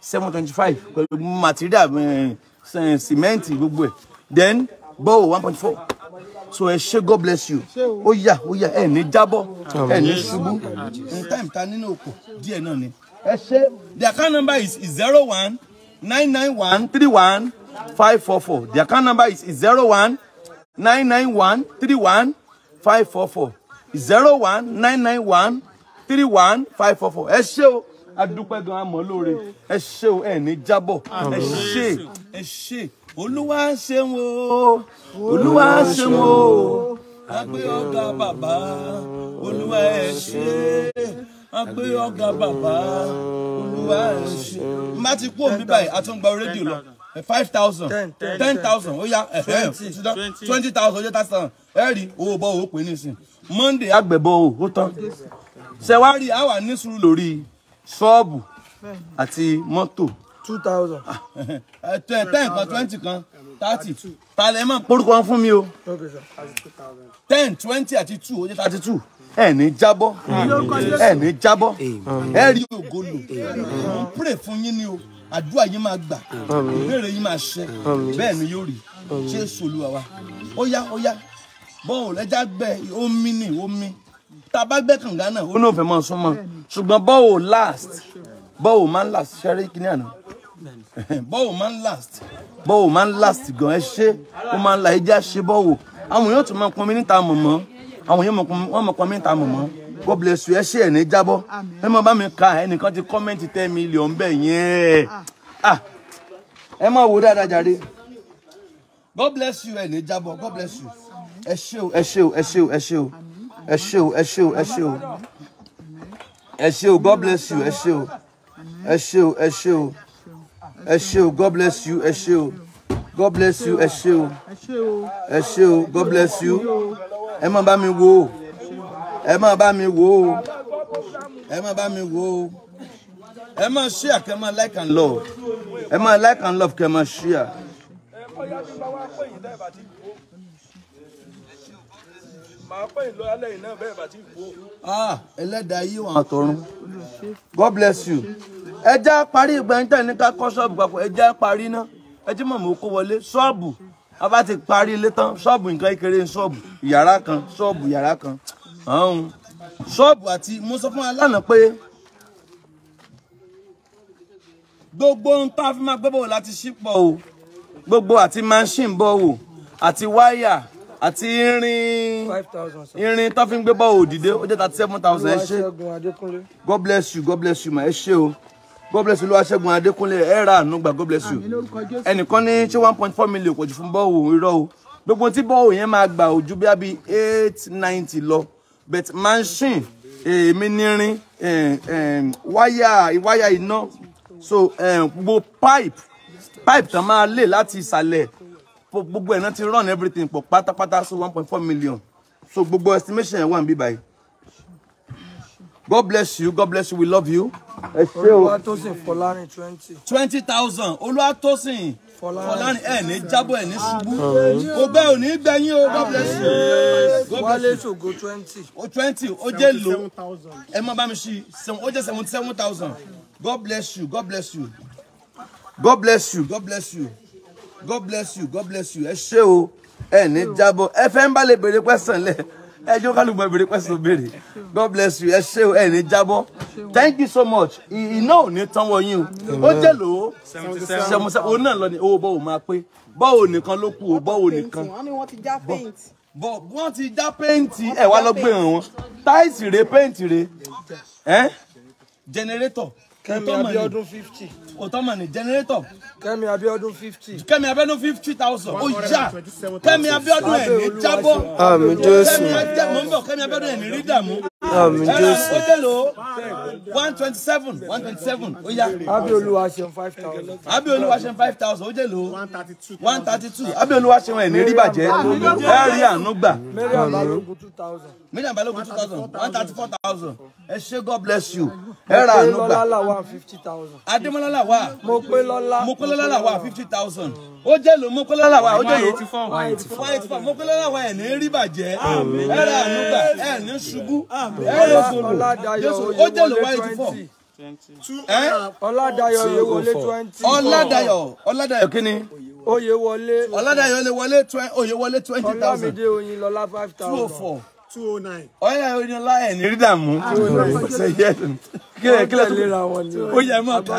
seven twenty five pẹ̀lú material eh, eh, sìmẹ́ǹtì gbogbo ẹ̀ then bọ́ọ̀ 1.4. so ẹ god bless you ó yà ó yà E ní jábọ́ ẹ ní ṣubú in time ta nínú òkò díẹ̀ náà ni ẹ the account number is zero one nine nine one three one five four four the account number is zero one nine nine one three one five four four zero one nine nine one three one five four four ẹ ṣé o adúpẹ́ gan-an mọ́ lóore ẹ ṣé o ẹ ní jábọ̀ ẹ ṣé olúwa ṣeun o olúwa ṣeun o agbe ọ̀gá bàbá olúwa ẹ ṣé agbe ọ̀gá bàbá olúwa ẹ ṣé. má ti kú òbí báyìí a tún gba rédíò lọ five thousand ten thousand ó yá twenty thousand ó yá thirty thousand ẹ rí owó bọ́ owó pè nísìn monday àgbẹ̀bọ̀ o ó tán ṣẹ̀wá rí àwa ní sùúrù lórí ṣọ́ọ̀bù àti mọ́tò two thousand. Ah, ten kan twenty kan thirty talẹ̀ mọ̀ porúkọ wọn fún mi o ten twenty àti two ó thirty two ẹ ní jábọ́ ẹ ní jábọ́ ẹ rí ògo lò ń pray fún yín ni o àdúrà yín máa gbà ìbéèrè yín máa ṣẹ bẹ́ẹ̀ ni yóò rí Jésù Olúwa wa ó yá ó yá bọ́ọ̀ lẹ́jà gbẹ omi ni omi tá a bá gbẹ́ kànga náà ó ní òfin máa súnmọ́ ṣùgbọ́n bọ́ọ̀ last bọ́ọ̀ máa ń last ṣẹ́rí kí ni àná. bọ́wọ̀ máa ń last bọ́wọ̀ máa ń last gan ẹ ṣe ó máa ń la ẹjẹ́ ṣe bọ́wọ̀ àwọn èèyàn tún máa pọn mi níta mọ̀mọ́ àwọn èèyàn máa pọn níta mọ̀mọ́ God bless you ẹ ṣe ẹ̀ ní jábọ́ ẹ máa bá mi ka ẹnìkan ti kọ́mẹ́ǹtì ten million bẹ́ẹ̀ yẹn ah. Ah. ẹ máa wò dáadáa jàre God bless you ẹ ní jábọ́ God bless you ẹ ṣe o ẹ ṣe o ẹ ṣe o ẹ ṣe o ẹ ṣe o ẹ ṣe o ẹ ṣe o ẹ ṣe o God bless you ẹ ṣe o ẹ ṣe o ẹ ṣe o ẹ o god bless you ẹ o god bless you ẹ ṣé o ẹ o god bless you ẹ má bá mi wò ó ẹ má bá mi wò ó ẹ má bá mi wò ẹ má share kẹ́ má like and love ẹ má like and love kẹ́ má share. Ah, ẹlẹ́dàá yí wọn àtọ̀run. God bless you ẹja parí ìgbẹ́ntẹ̀ ní ká kọ́ ṣọ́ọ̀bù papọ̀ ẹja parí ná ẹjí mọ̀mọ́ kó wọlé ṣọ́ọ̀bù a ti parí ilé tán ṣọ́ọ̀bù nǹkan kékeré ṣọ́ọ̀bù yàrá kan ṣọ́ọ̀bù yàrá kan ọ̀hún ṣọ́ọ̀bù àti mo sọ fún wa pé gbogbo ohun tá a fi máa gbé bọ̀ láti ṣípọ̀ o gbogbo àti machine bọ̀ wò àti wáyà àti irin irin tó fi ń gbé bọ̀ òdìdé ó jẹ́ thirty seven thousand ẹ ṣé God bless you God bless you ma ẹ ṣé o. God bless you lọ́wọ́ Ṣẹ́gun Adékúnlé ẹ̀rà ànúgbà God bless you ẹnìkan ní ṣé one point four million kò jù fún bọ́ọ̀wù irọ́ o gbogbo tí bọ́ọ̀wù yẹn máa gbà ojú bí abi eight ninety lọ but machine èmi nírin eh, eh, wáyà wáyà iná so eh, gbogbo pipe pipe tán máa lè láti ìsàlẹ̀ gbogbo ẹ̀ náà ti run everything pọ̀ pátápátá so one point four million so gbogbo estimation ẹ̀ wà níbí báyìí God bless you God bless you we love you ẹ ṣé o olùwàtòsìn fọlárin twenty. twenty thousand olùwàtòsìn fọlárin ẹ ní jábọ̀ ẹ ní ṣubú ọbẹ ò ní gbẹ̀yìn o god bless you. wálé ṣògo twenty. o twenty o jẹ lo ẹ má bá mi ṣí o jẹ seventy seven thousand god bless you god bless you god bless you god bless you god bless you god bless you ẹ ṣé o ẹ ní jábọ̀ ẹ fẹ́ ń bá lè bèrè pẹ́sàn lẹ́ẹ̀ ẹjọ́ kálùmọ̀ ìbèrè pẹ̀sùn béèrè god bless you ẹ ṣé ẹ ní jábọ́ thank you so much iná ò ní tán wọ̀nyí o ó jẹ́ lò ó seventy seven òun náà lọ ní owó bọ́ọ̀ máa pé bọ́ọ̀ nìkan ló kù ó bọ́ọ̀ nìkan bọ́ wọ́n ti já péǹtì ẹ̀ wá lọ gbé hàn wọ́n táìsì rè péǹtì rè ẹ́ jẹnẹrétọ̀ kẹmi abiodun fifty. Otomani generator. Kẹ́mi Abíọ́dún fifty. Kẹ́mi Abíọ́dún fifty thousand. Ó yá. Kẹ́mi Abíọ́dún ẹ̀ ní jábọ́. Àmín Jésù. Kẹ́mi Abíọ́dún ẹ̀ ní rí dààmú àmì ah, um, jésù. one twenty seven one twenty seven ó yá. abioluwa ṣeun five thousand. abioluwa ṣeun five thousand ó délò one thirty two abioluwa ṣeun ẹ̀ ní rí when ah, ẹ̀ rí àánú gbà. mariam balogun two thousand. mariam balogun two thousand one thirty four thousand ẹ ṣé god bless you ẹ ra àánú gbà. adémọ́lá là wà. mo pé lọ́lá. mo pé lọ́lá là fifty thousand ó jẹ́ ló mọ́kọ́lá làwà ó jẹ́ ló one eighty four mọ́kọ́lá làwà ẹ̀ ní rí bàjẹ́ ẹ̀ rà ànúgbà ẹ̀ ní ṣubú ẹ̀ rẹ̀ sọ̀rọ̀ jésù ó jẹ́ ló one eighty four. Ọládayọ̀ Oyèwọlé twenty. Ọládayọ̀ Ọládayọ̀ kí ni? Oyèwọlé. Ọládayọ̀ Oyèwọlé twenty. Ọlámídé Oyinlọlá five thousand. two oh four. 209. ọ̀yà onílá ẹ̀ ní rídà mú. kílẹ̀ kílẹ̀ tó ó yẹ mọ́ ká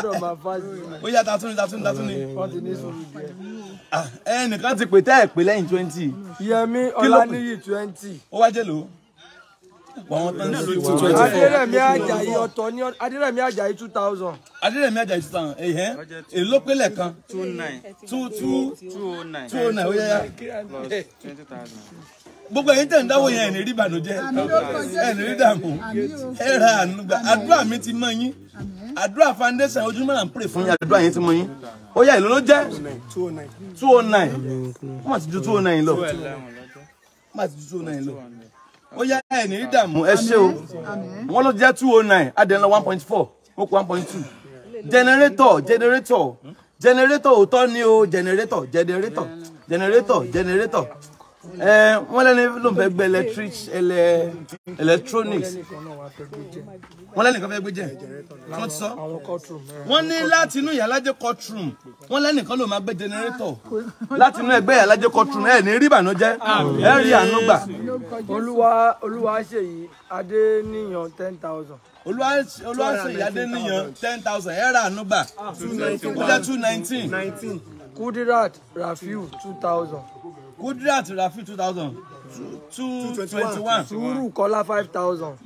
ó yà tatúni tatúni tatúni. ẹnìkan ti pè tẹ́ ẹ̀ pé lẹ́yìn twenty. Yẹmí Ọláníyì twenty. ó wá jẹ́ lò ó wọn tán ní two twenty four. Adérẹ̀mí Àjàyí ọ̀tọ̀ ní Adérẹ̀mí Àjàyí two thousand. i Àjàyí two thousand ẹ̀hẹ́ èló pélé kan. two nine two two two oh nine. two oh nine ó twenty thousand gbogbo ẹ̀yin tẹ̀ ń dáwọ́ yẹn ẹ ní rí ìbànújẹ́ ẹ ní rí dààmú ẹ ra àánú gbà àdúrà mi ti mọ yín àdúrà foundation ojúmọ́ là ń pray fún yín àdúrà yín ti mọ yín ó yá ìlú ló jẹ́ two oh nine wọ́n two oh nine lọ wọ́n ti ju two oh nine lọ ó yá ẹ ní rí dààmú ẹ ṣé o wọ́n ló jẹ́ two oh nine adẹ̀ńlọ one point four ó kó one point two generator generator generator òótọ́ ni o generator generator generator generator. Eh, wọ́n lẹ́ni ló ń fẹ́ gbé electronics wọ́n lẹ́ni kan fẹ́ gbé jẹ́ wọ́n ti sọ wọ́n ní láti inú ìyálájẹ́ courtroom wọ́n lẹ́ni kan ló máa gbé generator láti inú ẹgbẹ́ ìyálájẹ́ courtroom ẹ̀ ní rí ìbànújẹ́ ẹ̀ rí ànúgbà. olúwa olúwa ṣèyí adéníyàn ten thousand olùwàṣeyí adéníyàn ten thousand ẹ̀rà ànúgbà ó jẹ́ two nineteen kudirat rafiu two thousand. Kudrat Rafi two thousand. two twenty one. Suru Kola five thousand.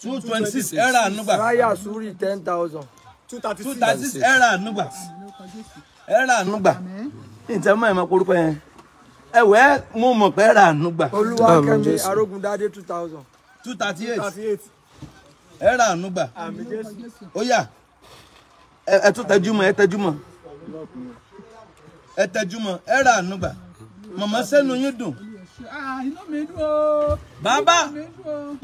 two twenty six Era Anugba. Raya Suri ten thousand. two thirty six. two thirty six Era Anugba. Era Anugba. Ǹjẹ́ mọ̀ ẹ̀ máa korúkọ yẹn? Ẹ̀wẹ̀ mo mọ̀ pé Era Anugba. Olúwakẹ́mi Arógundádé two thousand. two thirty eight. Era Anugba. Ó yá ẹ tún tẹjú mọ́ ẹ tẹjú mọ́ ẹ tẹjú mọ́ Era Anugba mọ̀mọ́ sẹ́nu yín dùn. Ah, inú mi dùn o. bàbá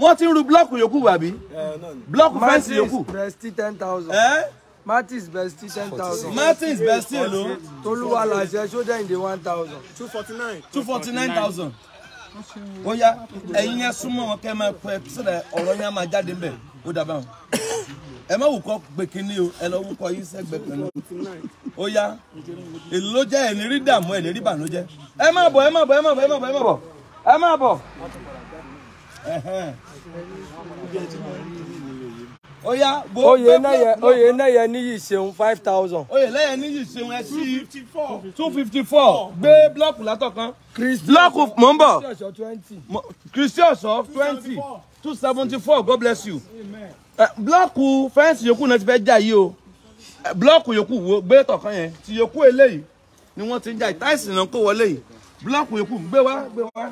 wọ́n ti ń ru blọ́ọ̀kù yòókù wàbí. Eh, blọ́ọ̀kù fẹ́ǹsì yòókù. bestie ten thousand. Eh? Martins bestie ten thousand. Martins bestie lo. Tolúwa làṣẹ Ṣódẹ́yìndé one thousand. two forty nine. two forty nine thousand. ó yá ẹ̀yin yẹn súnmọ́ wọn kẹ́ ẹ máa pẹ́ sílẹ̀ ọ̀rọ̀ yẹn máa jáde ń bẹ̀ ó wọn ẹ má wù kọ́ pé kínní o ẹ lọ wúkọ yín sẹ́gbẹ̀ẹ́ pẹ̀lú ó yá èlò ló jẹ́ ẹ̀ní rí dààmú ẹ̀ní rí bànújẹ́ ẹ má bọ̀ ẹ má bọ̀ ẹ má bọ̀ ẹ má bọ̀ ẹ má bọ̀ ẹ má bọ̀ ó yá bo oyè nẹyẹ oyè nẹyẹ níyì ṣeun five thousand. oyè nẹyẹ níyì ṣeun ẹ sí two fifty four gbé blọọkù látọ̀ kan. blọọkù mò ń bọ̀ christian sọ twenty two seventy four god bless you. Amen blọọkù fẹ́ǹsì yòókù náà ti fẹ́ jà yìí o blọọkù yòókù wo gbé tọ̀kan yẹn ti yòókù eléyìí ni wọ́n ti ń jà táìsì náà kó wọlé yìí blọọkù yòókù gbé wá gbé wá.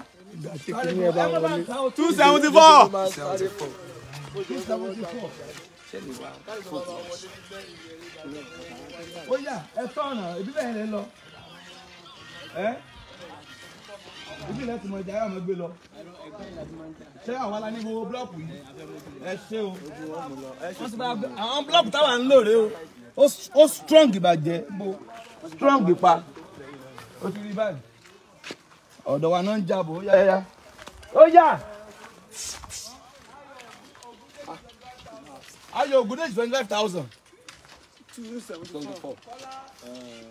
two seventy four. two ẹ tọ́ ọ̀nà yẹn lọ ìdí ilẹ̀ tí mo jẹ́ àwọn ẹgbẹ́ lọ. ṣé àwa la ní gbogbo búlọ́ọ̀kù yìí ẹ ṣé o. àwọn búlọ́ọ̀kù táwa ń lò rè o ó strong ìbàjẹ́ bo strong pa o ti rí báyìí ọ̀dọ̀ wa náà ń jà bò ó yá yá ó yá. ayọ̀ ògùdé is twenty five thousand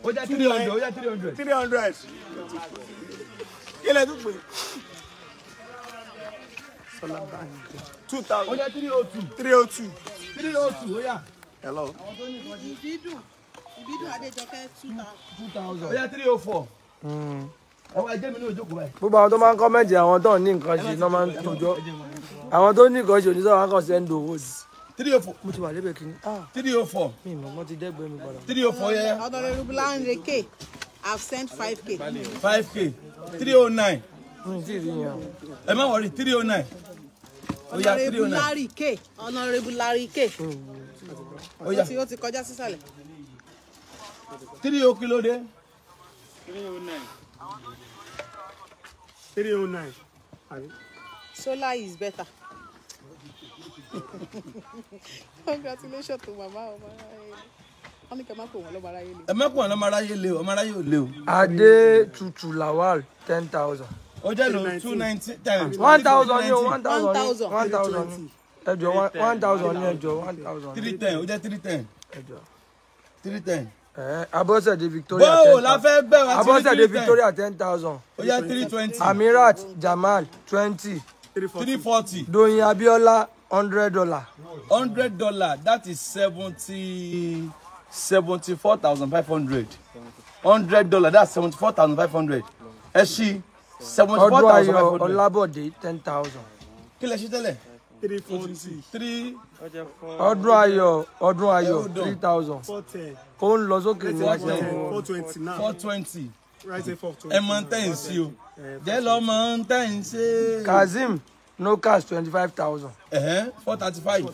ó jẹ́ three hundred ó jẹ́ three hundred. three hundred kílẹ̀ tó pè é. sọlá báyìí jẹ. two thousand. ó jẹ́ three oh two. three oh two. three oh two ó yà. hello. ìbídùn ìbídùn adéjọkẹ́ two thousand. two thousand. ó yẹ three oh four hmm. gbogbo àwọn tó máa ń to àwọn tó ní nǹkan ṣe ló máa ń tòjọ́ àwọn tó ní nǹkan ṣe oníṣòwò àwọn kan ṣe ń do owó sí. three o oh four. mo ti wà lébè kínní. Ah. three o oh four. mi mọ̀ mo ti dẹ́gbẹ̀ẹ́ mi padà. three o oh four yẹ. ọ̀dọ̀ rẹ̀ rúbúlá ń reke i have sent five k. five k three oh nine. Hmm. ẹ má wọrí three oh nine. oya three oh nine. ọ̀nàrẹ́bù larry k ọ̀nàrẹ́bù larry k. oya ó ti kọjá sísàlẹ̀. three oh kí ló dé. Oh nine. three oh nine. solar is better. congratulations to mama ọmọ rẹ wọ́n ní kẹ́ má pè wọ́n lọ́mọ aráyé le. ẹ má pè wọ́n lọ́mọ aráyé le ọmọ o. adé tutu lawal ten thousand. ó jẹ́ lo two ninety times. one thousand ní one thousand ní one thousand ní ẹjọ one thousand ní ẹjọ one thousand three ten ó jẹ́ three ten. ẹjọ. three ten. Abọ́sẹ̀dé Victoria ten thousand. Bọ́ọ̀ la fẹ́ bẹ̀ wá sí Abọ́sẹ̀dé Victoria ten thousand. Ó yẹ three twenty. Amirat Jamal twenty. three forty. Doyin Abiola hundred dollar. hundred dollar that is seventy seventy-four thousand five hundred hundred dollar that's seventy-four thousand five hundred ẹ ṣí seventy-four thousand five hundred. ọdún ayọ̀ ọlábọ̀dé ten thousand. kí lẹ ṣí tẹ́lẹ̀. three forty. three. ọdún ayọ̀ ọdún ayọ̀ three thousand. four ten. ń lọ sókè ní wájú. four twenty now. four twenty. ẹ mọ n tẹ́yìn sí o eh, jẹ́ lọ mọ n tẹ́yìn sí. kazeem no cash twenty-five thousand. four thirty-five.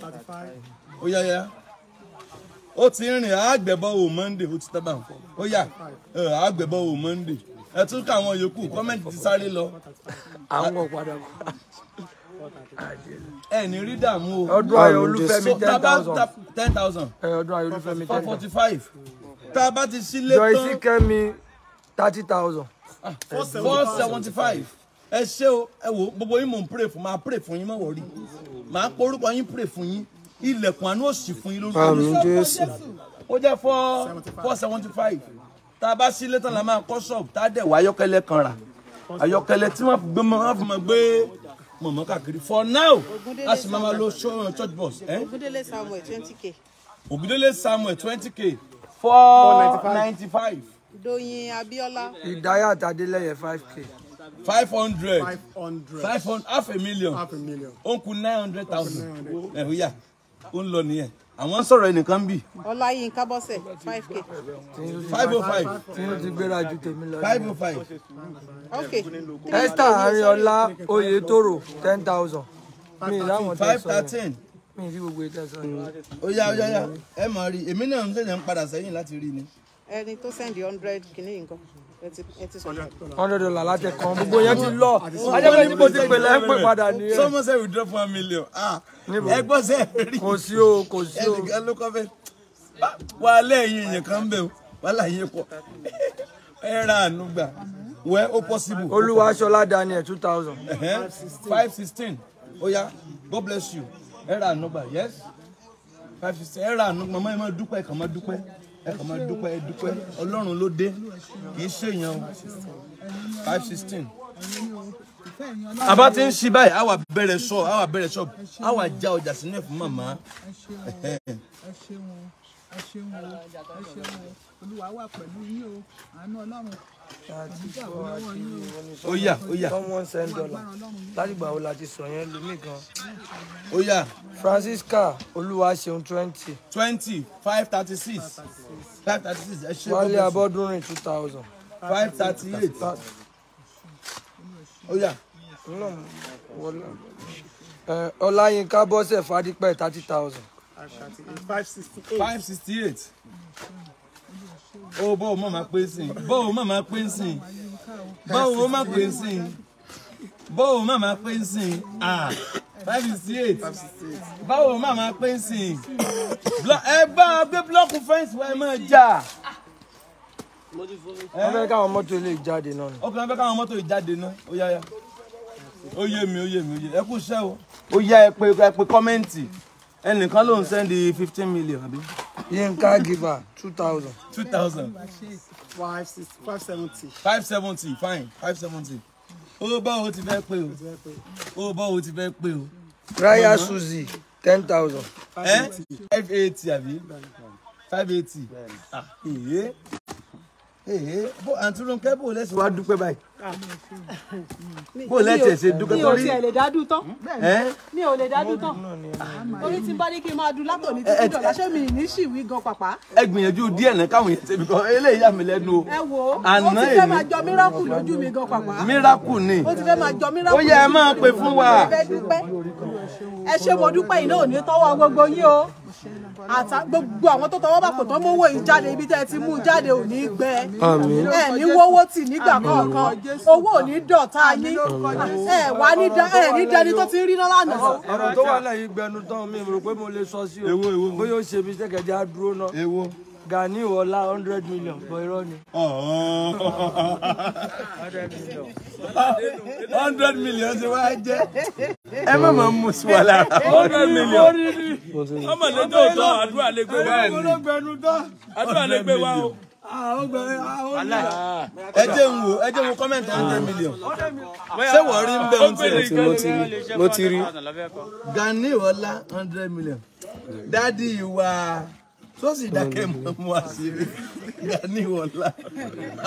ó yá yá ó ti ń rìn àgbẹ̀bọ̀wò Monday ó ti tábà ń fọ ó yà àgbẹ̀bọ̀wò Monday ẹ tún ká àwọn yòókù kọ́mẹ́ǹtì ti sáré lọ. àwọn padà bọ̀. ẹ ní rí dààmú o. ọdún ayọ̀ olúfẹ́mi ten thousand. ten thousand. ọdún ayọ̀ olúfẹ́mi ten thousand. four forty five. tá a bá ti sílé tán. joyce kẹ́mi thirty thousand. Ah, four seventy five ẹ ṣé o ẹ wo gbogbo yín mò ń pray fún máa pray fún yín mọ̀ wọ́rí máa porúkọ yín pray fún yín ilẹ̀kùn àánú òsì fún yín lórúkọ àmín Jésù ó jẹ́ four seventy five tá a bá sí létàn la máa kọ́ ṣọ́ọ̀bù tá a dẹ̀ wá ayọ́kẹ́lẹ́ kan rà ayọ́kẹ́lẹ́ tí wọ́n fi máa gbé mọ̀mọ́ káàkiri for now a sì máa lo eh, church bus. Eh? Ògúndélé Samuel twenty k. Ògúndélé Samuel twenty k four ninety five. Doyin Abíọ́lá. Ìdáyàtà Adélẹ́yẹ five k five hundred five hundred half a million half a million ó ń nine hundred thousand ẹ̀hún yà ó ń lọ nìyẹn àwọn sọ̀rọ̀ ẹnìkan bì. ọláyínká bọ́sẹ̀ five k. five oh five. tí ó ti gbéra ju tèmi lọ. five oh five. ok. esther ariola oyetoro ten thousand. mi láwọn tẹ sọ yẹn. five thirteen. mi rí gbogbo ìtẹ̀sán yẹn. ó yá ó yá ẹ mọ̀ rí èmi náà ń sẹ̀yìn padà sẹ́yìn láti rí ni ẹni tó sẹ́ndì hundred kìíní nǹkan hundred dollar lájẹ kan gbogbo yẹn ti lọ ajẹ́pẹ́ tí mo ti pè lẹ́ pè padà nìyẹn. someone say we drop one million ah ẹgbọ́n sẹ́ rí kò sí o kò sí o ẹnìkan ló kọ́ fẹ́ wà á lẹ́yìn èèyàn kan bẹ́ẹ̀ o wà á láyé pọ̀ ẹ ra àánú gbà wẹ́ ó possible. Olúwaṣọlá Daniel two thousand. five sixteen oya God bless you ẹ ra àánú gbà yes five sixteen ẹ ra àánú gbà mọ́ ẹ máa dúpẹ́ kàn máa dúpẹ́ ẹ kàn máa dúpẹ́ dúpẹ́ ọlọ́run ló dé kì í ṣèyàn five sixteen àbá ti ń ṣí báyìí àwa bẹ̀rẹ̀ ṣọ́ọ̀bù àwa bẹ̀rẹ̀ ṣọ́ọ̀bù àwa já ọjà sínú ẹ̀ fún màmá ẹ ṣeun o ẹ ṣeun o olúwa wà pẹ̀lú yín o àánú ọlọ́run ó yá ó yá one cent dollar látìgbà wo la ti sọ yẹn lómi kan. ó yá. francisca olúwaṣeun twenty. twenty five thirty six five thirty six ẹ ṣe. wálé abọ́dúnrìn two thousand. five thirty eight. ó yá. ọláyínká bọ́sẹ̀ fadípẹ̀ thirty thousand five sixty eight. Oh, five sixty eight. ó bó o mọ̀ máa pé sìn bó o mọ̀ máa pé sìn ah five sixty eight bó o mọ̀ máa pé sìn ẹ bá a gbé blọọkù fẹ́ǹsì wa ẹ máa jà. wọ́n fẹ́ káwọn mọ́tò ilé ìjáde náà. ó kàn fẹ́ káwọn mọ́tò ìjáde náà ó yá yá ó yé mi ó yé mi ó yé ẹ kú o ó yá ẹ pé ẹ pé ẹnìkan ló ń sẹ́ndì fifteen million àbí. yínká giver two thousand. two thousand. five sixty five seventy. five seventy fine five seventy. owó báwo ti fẹ́ pé o owó báwo ti fẹ́ pé o. raya suzy ten thousand. ẹ five eighty àbí five eighty. Ah, ẹ̀ẹ́ eh, ẹ̀ẹ́ eh, eh, bó àǹtí ronke bò lẹ́sìn wá dúpẹ́ báyìí mo lẹ́tẹ̀ ṣe dúkọ́ tó rí mi ò lè dádú tán mi ò lè dádú tán orí ti bá ní kí n máa dun látò ní títí dọ̀là ṣé mi ní ṣìwí gan pàpà. ẹ gbìyànjú díẹ̀ náà káwọn yẹn ṣebí kan eléyìí yà mí lẹ́nu o. ẹ wo ó ti fẹ́ máa jọ míràkù lójú mi gan pàpà. míràkù ni ó ti fẹ́ máa jọ míràkù lójú mi gan pàpà. ó yẹ ẹ máa pè fún wa. ẹ ṣé mo dúpẹ́ ìná òní tọ́wọ́ gbogbo yín o àtà gbogbo àwọn tó tọwọ́ bàpò tó mówó yìí jáde ibi tẹ́ ẹ ti mú jáde ò ní gbẹ ẹ ní wówó tì nígbà kọ̀ọ̀kan owó ò ní dọ̀tá yín ẹ wà ní ẹ tó ti ń ríná lánàá. ọ̀rọ̀ tó wà lẹ́yìn gbẹnu tán mi rò pé mo lè sọ sí o bóyá ó ṣe mi ṣẹ́kẹ̀jẹ́ á dúró náà. Gani Ọlá hundred million bọ̀ irọ́ ni. hundred million ti wá jẹ́. ẹ má máa mú sí wa lára. hundred million ọmọ lè tó tọ àdúrà lè gbé wa àdúrà lè gbé wa o. ẹ jẹ́ n wo ẹ jẹ́ n wo kọ́mẹ̀ntì hundred million ṣé wọ́n rí ń bẹ́ ohun tí mo ti rí mo ti rí Gani Ọlá hundred million dádì wa sọ́ọ̀sì ìdákẹ́ mọ́ mú àṣírí Ganiwola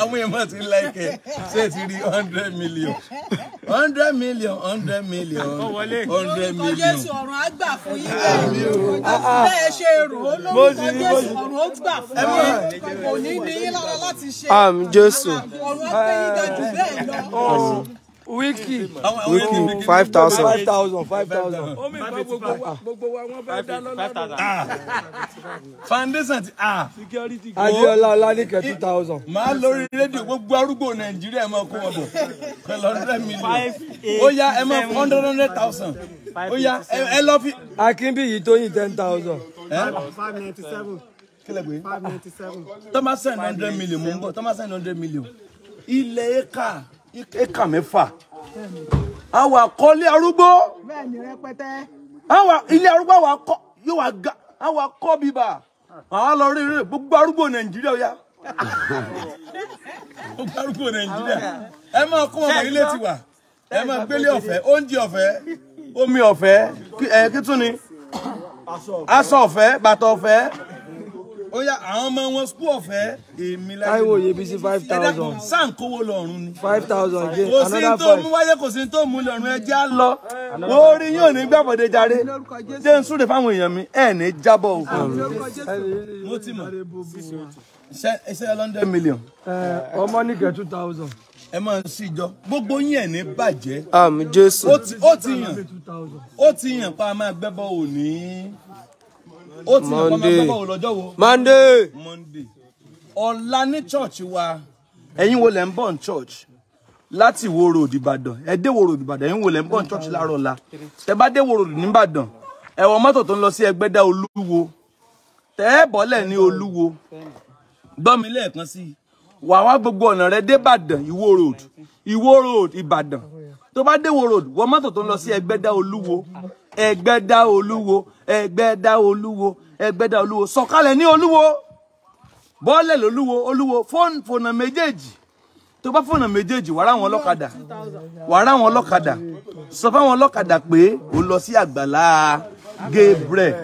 àwọn èèyàn máa ti like láìkẹ́ ṣé ti rí hundred million hundred million hundred million hundred million. lórúkọ Jésù ọ̀run á gbà fún yín bẹ́ẹ̀ ṣe rò ó lórúkọ Jésù ọ̀run ó gbà fún yín kò ní ní yín lára láti ṣe ọ̀run á gbé yín lọ wíìkì wíìkì five thousand five thousand five thousand. omi ìfọ gbogbo gbogbo wa wọn fẹẹ dá lọ́lọ́run. Ah. foundation ti a. Ah. security go. adiola olanike two thousand. máa lórí radio. gbogbo arúgbó nàìjíríà ẹ máa kó wọn bọ̀ pẹ̀lú hundred million. ó yá ẹ máa fún hundred hundred thousand. ó yá ẹ lọ fi. akínbíyì tó yin ten thousand. five ninety seven. kílẹ̀ pé. five ninety seven. tọ́másán hundred million mò ń bọ̀ tọ́másán hundred million. ilẹ̀ ẹ̀ka éka mẹ́fà àwọn àkọ́lé arúgbó àwọn ilé arúgbó àwọn akọ́ yóò wá ga àwọn akọ́ bíbà àwọn alọ́ rí rí gbogbo arúgbó nàìjíríà yá gbogbo arúgbó nàìjíríà ẹ máa kó ọmọ ilé tiwa ẹ máa gbélé ọ̀fẹ́ oúnjẹ ọ̀fẹ́ omi ọ̀fẹ́ ẹ kí tún ni aṣọ ọ̀fẹ́ bàtà ọ̀fẹ́ ó yá àwọn ọmọ wọn skú ọ̀fẹ́ èmi láyé Táíwò Yebisi five thousand ẹ̀dá kan sáà ń kówó lọ́rùn ni five thousand again another five kò sí tó mú wáyé kò sí tó mú lọ́rùn ẹjẹ́ á lọ orí yóò ní gbàbọ̀dé jàre jẹ́ ń súre fáwọn èèyàn mi ẹ̀ ní jábọ̀ o. mo ti mọ̀ iṣẹ́ London million. ọmọ nìkẹ́ two thousand ẹ máa ń síjọ gbogbo yín ẹ̀ ní bàjẹ́. àmì Jésù. ó ti yàn ó ti yàn pa máa gbẹ́bọ̀ òní. ó ti mọ̀ pọ́nmọ́ gbọ́bọ̀ wò wo. Monday. Monday. ọ̀la ní chọ́ọ̀chì wa. ẹ̀yin wo lẹ̀ ń bọ̀ ní chọ́ọ̀chì láti wo road Ìbàdàn ẹ dé wo road Ìbàdàn ẹ̀yin wo lẹ̀ ń bọ̀ ní chọ́ọ̀chì láàárọ̀ la tẹ wo road nìbàdàn ẹ wọ mọ́tò tó ń lọ sí Ẹgbẹ́dá Olúwo tẹ mi lẹ́ẹ̀kan sí i wà wá gbogbo ọ̀nà rẹ dé Ìbàdàn Ìwó road Ìwó road Ìbàdàn tó bá dé wo road wọ mọ́tò tó ń lọ sí Ẹgbẹ́dá ẹgbẹ́dá olúwo ẹgbẹ́dá olúwo ẹgbẹ́dá olúwo sọ̀kalẹ̀ ní olúwo bọ́ọ̀lẹ̀ lolúwo olúwo fọ́nà méjèèjì tó bá fọ́nà méjèèjì wàá ráwọn ọlọ́kadà wàá ráwọn ọlọ́kadà sọ fáwọn ọlọ́kadà pé ó lọ sí àgbàlá Gabriel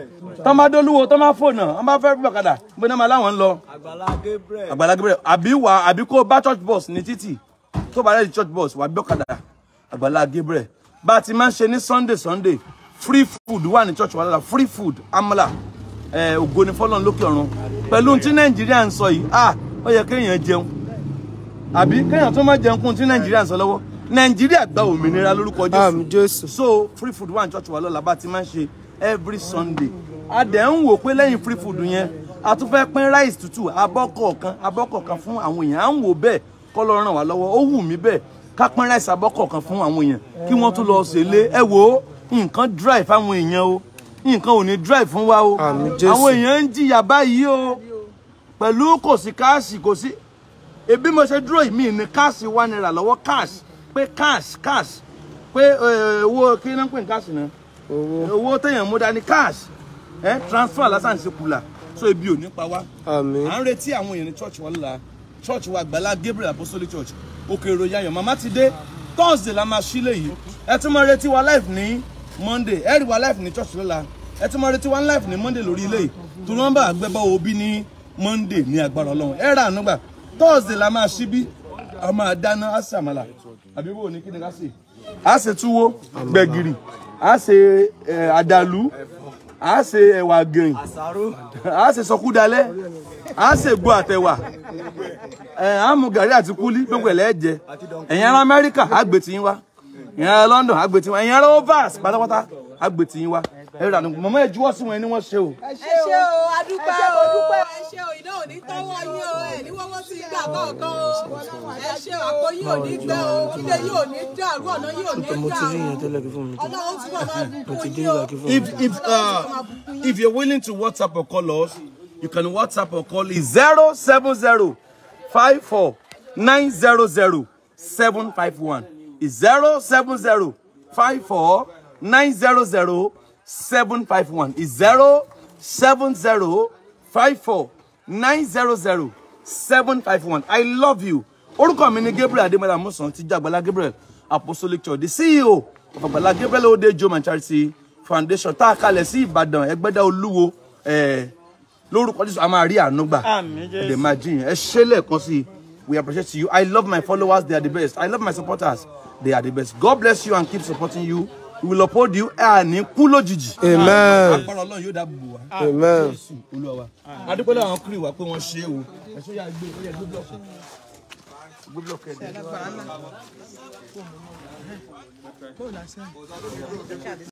tọ́mádólúwo tọ́ máa fònà wọ́n bá fẹ́ bọ̀kadà gbóná máa láwọn ń lọ àgbàlá Gabriel àbí wà àbí kó bá church bus ní títì tó bá rẹ̀ di church bus wà bọ̀kadà àgbàlá Gabriel bá a ti máa ń ṣe ní Sunday Sunday free food wà ní church wa lọ́la free food amala ògo ni fọlọ́n lókè ọ̀run pẹ̀lú tí nàìjíríà ń sọ yìí ah ó yẹ kéèyàn jẹun àbí kéèyàn tó má jẹun kún tí nàìjíríà ń sọ lọ́wọ́ nàìjíríà gba òmìnira lórúkọ jésù so free food wà ní church wa lọ́la bá ti máa ń ṣe every sunday a dẹ̀ ń wò pé lẹ́yìn free food yẹn a tún fẹ́ pín rice tútù abọ́kọ̀ọ̀kan abọ́kọ̀ọ̀kan fún àwọn èèyàn à ń wò bẹ́ẹ̀ kọ́ lọ ràn wá lọ́wọ́ ó wù mí bẹ́ẹ̀ ká pín rice abọ́kọ̀ọ̀kan fún àwọn èèyàn kí wọ́n tún lọ ṣèlé ẹ wò ó nǹkan drive fáwọn èèyàn o nǹkan ò ní drive fún wa o àwọn èèyàn ń jìyà báyìí o pẹ̀lú kò sí káàsì kò sí ebi mo ṣe dúró mi ní káàsì wà náírà lọ́wọ́ káàsì pé káàsì káàsì pé eh, owó kí ni pé káàsì náà owó téèyàn mú dání káàsì eh, transfer lásán ṣe kùlà so ebi ò ní pa wá à ń retí àwọn èèyàn ní church wa lọ́la church wa gbala Gabriel Apostolic Church òkè ìròyìn ayọ̀ màmá ti dé Thursday la máa ṣílẹ̀ yìí ẹ tún máa retí wa live ní monday ẹ rí wa live ní church lọ́la ẹ ti mọ retí wa live ní monday lórí ilé yìí tó nọ́mbà àgbẹ̀bọ̀ òbí ní monday ní agbára ọlọ́run ẹ rà ànúgbà thursday la máa ṣí bí a máa dáná á sì àmàlà àbí wo ni kí ni ká sè á ṣe túwó gbẹ̀gìrì á ṣe àdàlú á ṣe ẹ̀wà gẹ̀yìn á ṣe sọkúdalẹ̀ á ṣe gbọ́ àtẹ̀wà ẹ̀ á gàrí àti kúlí gbogbo ẹ̀ lẹ́ẹ̀jẹ̀ ẹ̀yin ará amẹ́ríkà á gbé wá ìyẹn London agbètì wọn ìyẹn rovers pátápátá agbètì yín wa ẹrù dànù mọ̀mọ́ ẹ̀ juwọ́ wọn ẹni wọ́n ṣe o. ẹ ṣe o adúpẹ́ o ẹ ṣe o iná ò ní tọ́wọ́ yín o ẹ ní wọ́wọ́ sí ìgbà kọ̀ọ̀kan o ẹ ṣe o àpò yín ò ní gbẹ o kílé yín ò ní dàrú ọ̀nà yín ò ní dàrú. mo ti rí yẹn tẹ́lẹ̀ kí fún mi tẹ́lẹ̀ mo ti dé ìgbà kí fún mi. if if uh, if you're willing to WhatsApp or call us you can WhatsApp or call is zero seven zero five four nine zero zero seven five one zero seven zero five four nine zero zero seven five one zero seven zero five four nine zero zero seven five one I love you orúkọ mi ni Gabriel Ademola Musan ti Agbala Gabriel Apostolic Church the CEO of Agbala Gabriel Ode Joe Charity Foundation tá a kalẹ̀ sí Ìbàdàn Ẹgbẹ́dá Olúwo eh, lórúkọ Jésù a máa rí àánú gbà ẹ dẹ̀ máa jiyàn ẹ ṣẹlẹ̀ kan sí i. We appreciate you. I love my followers. They are the best. I love my supporters. They are the best. God bless you and keep supporting you. We will uphold you. Àní kú lójijì. Amen. Àpọ̀lọ̀ Ọlọ́run yóò dáàbò wá. Amen. Jésù Olúwa wa. Adúpẹ́ lọ́wọ́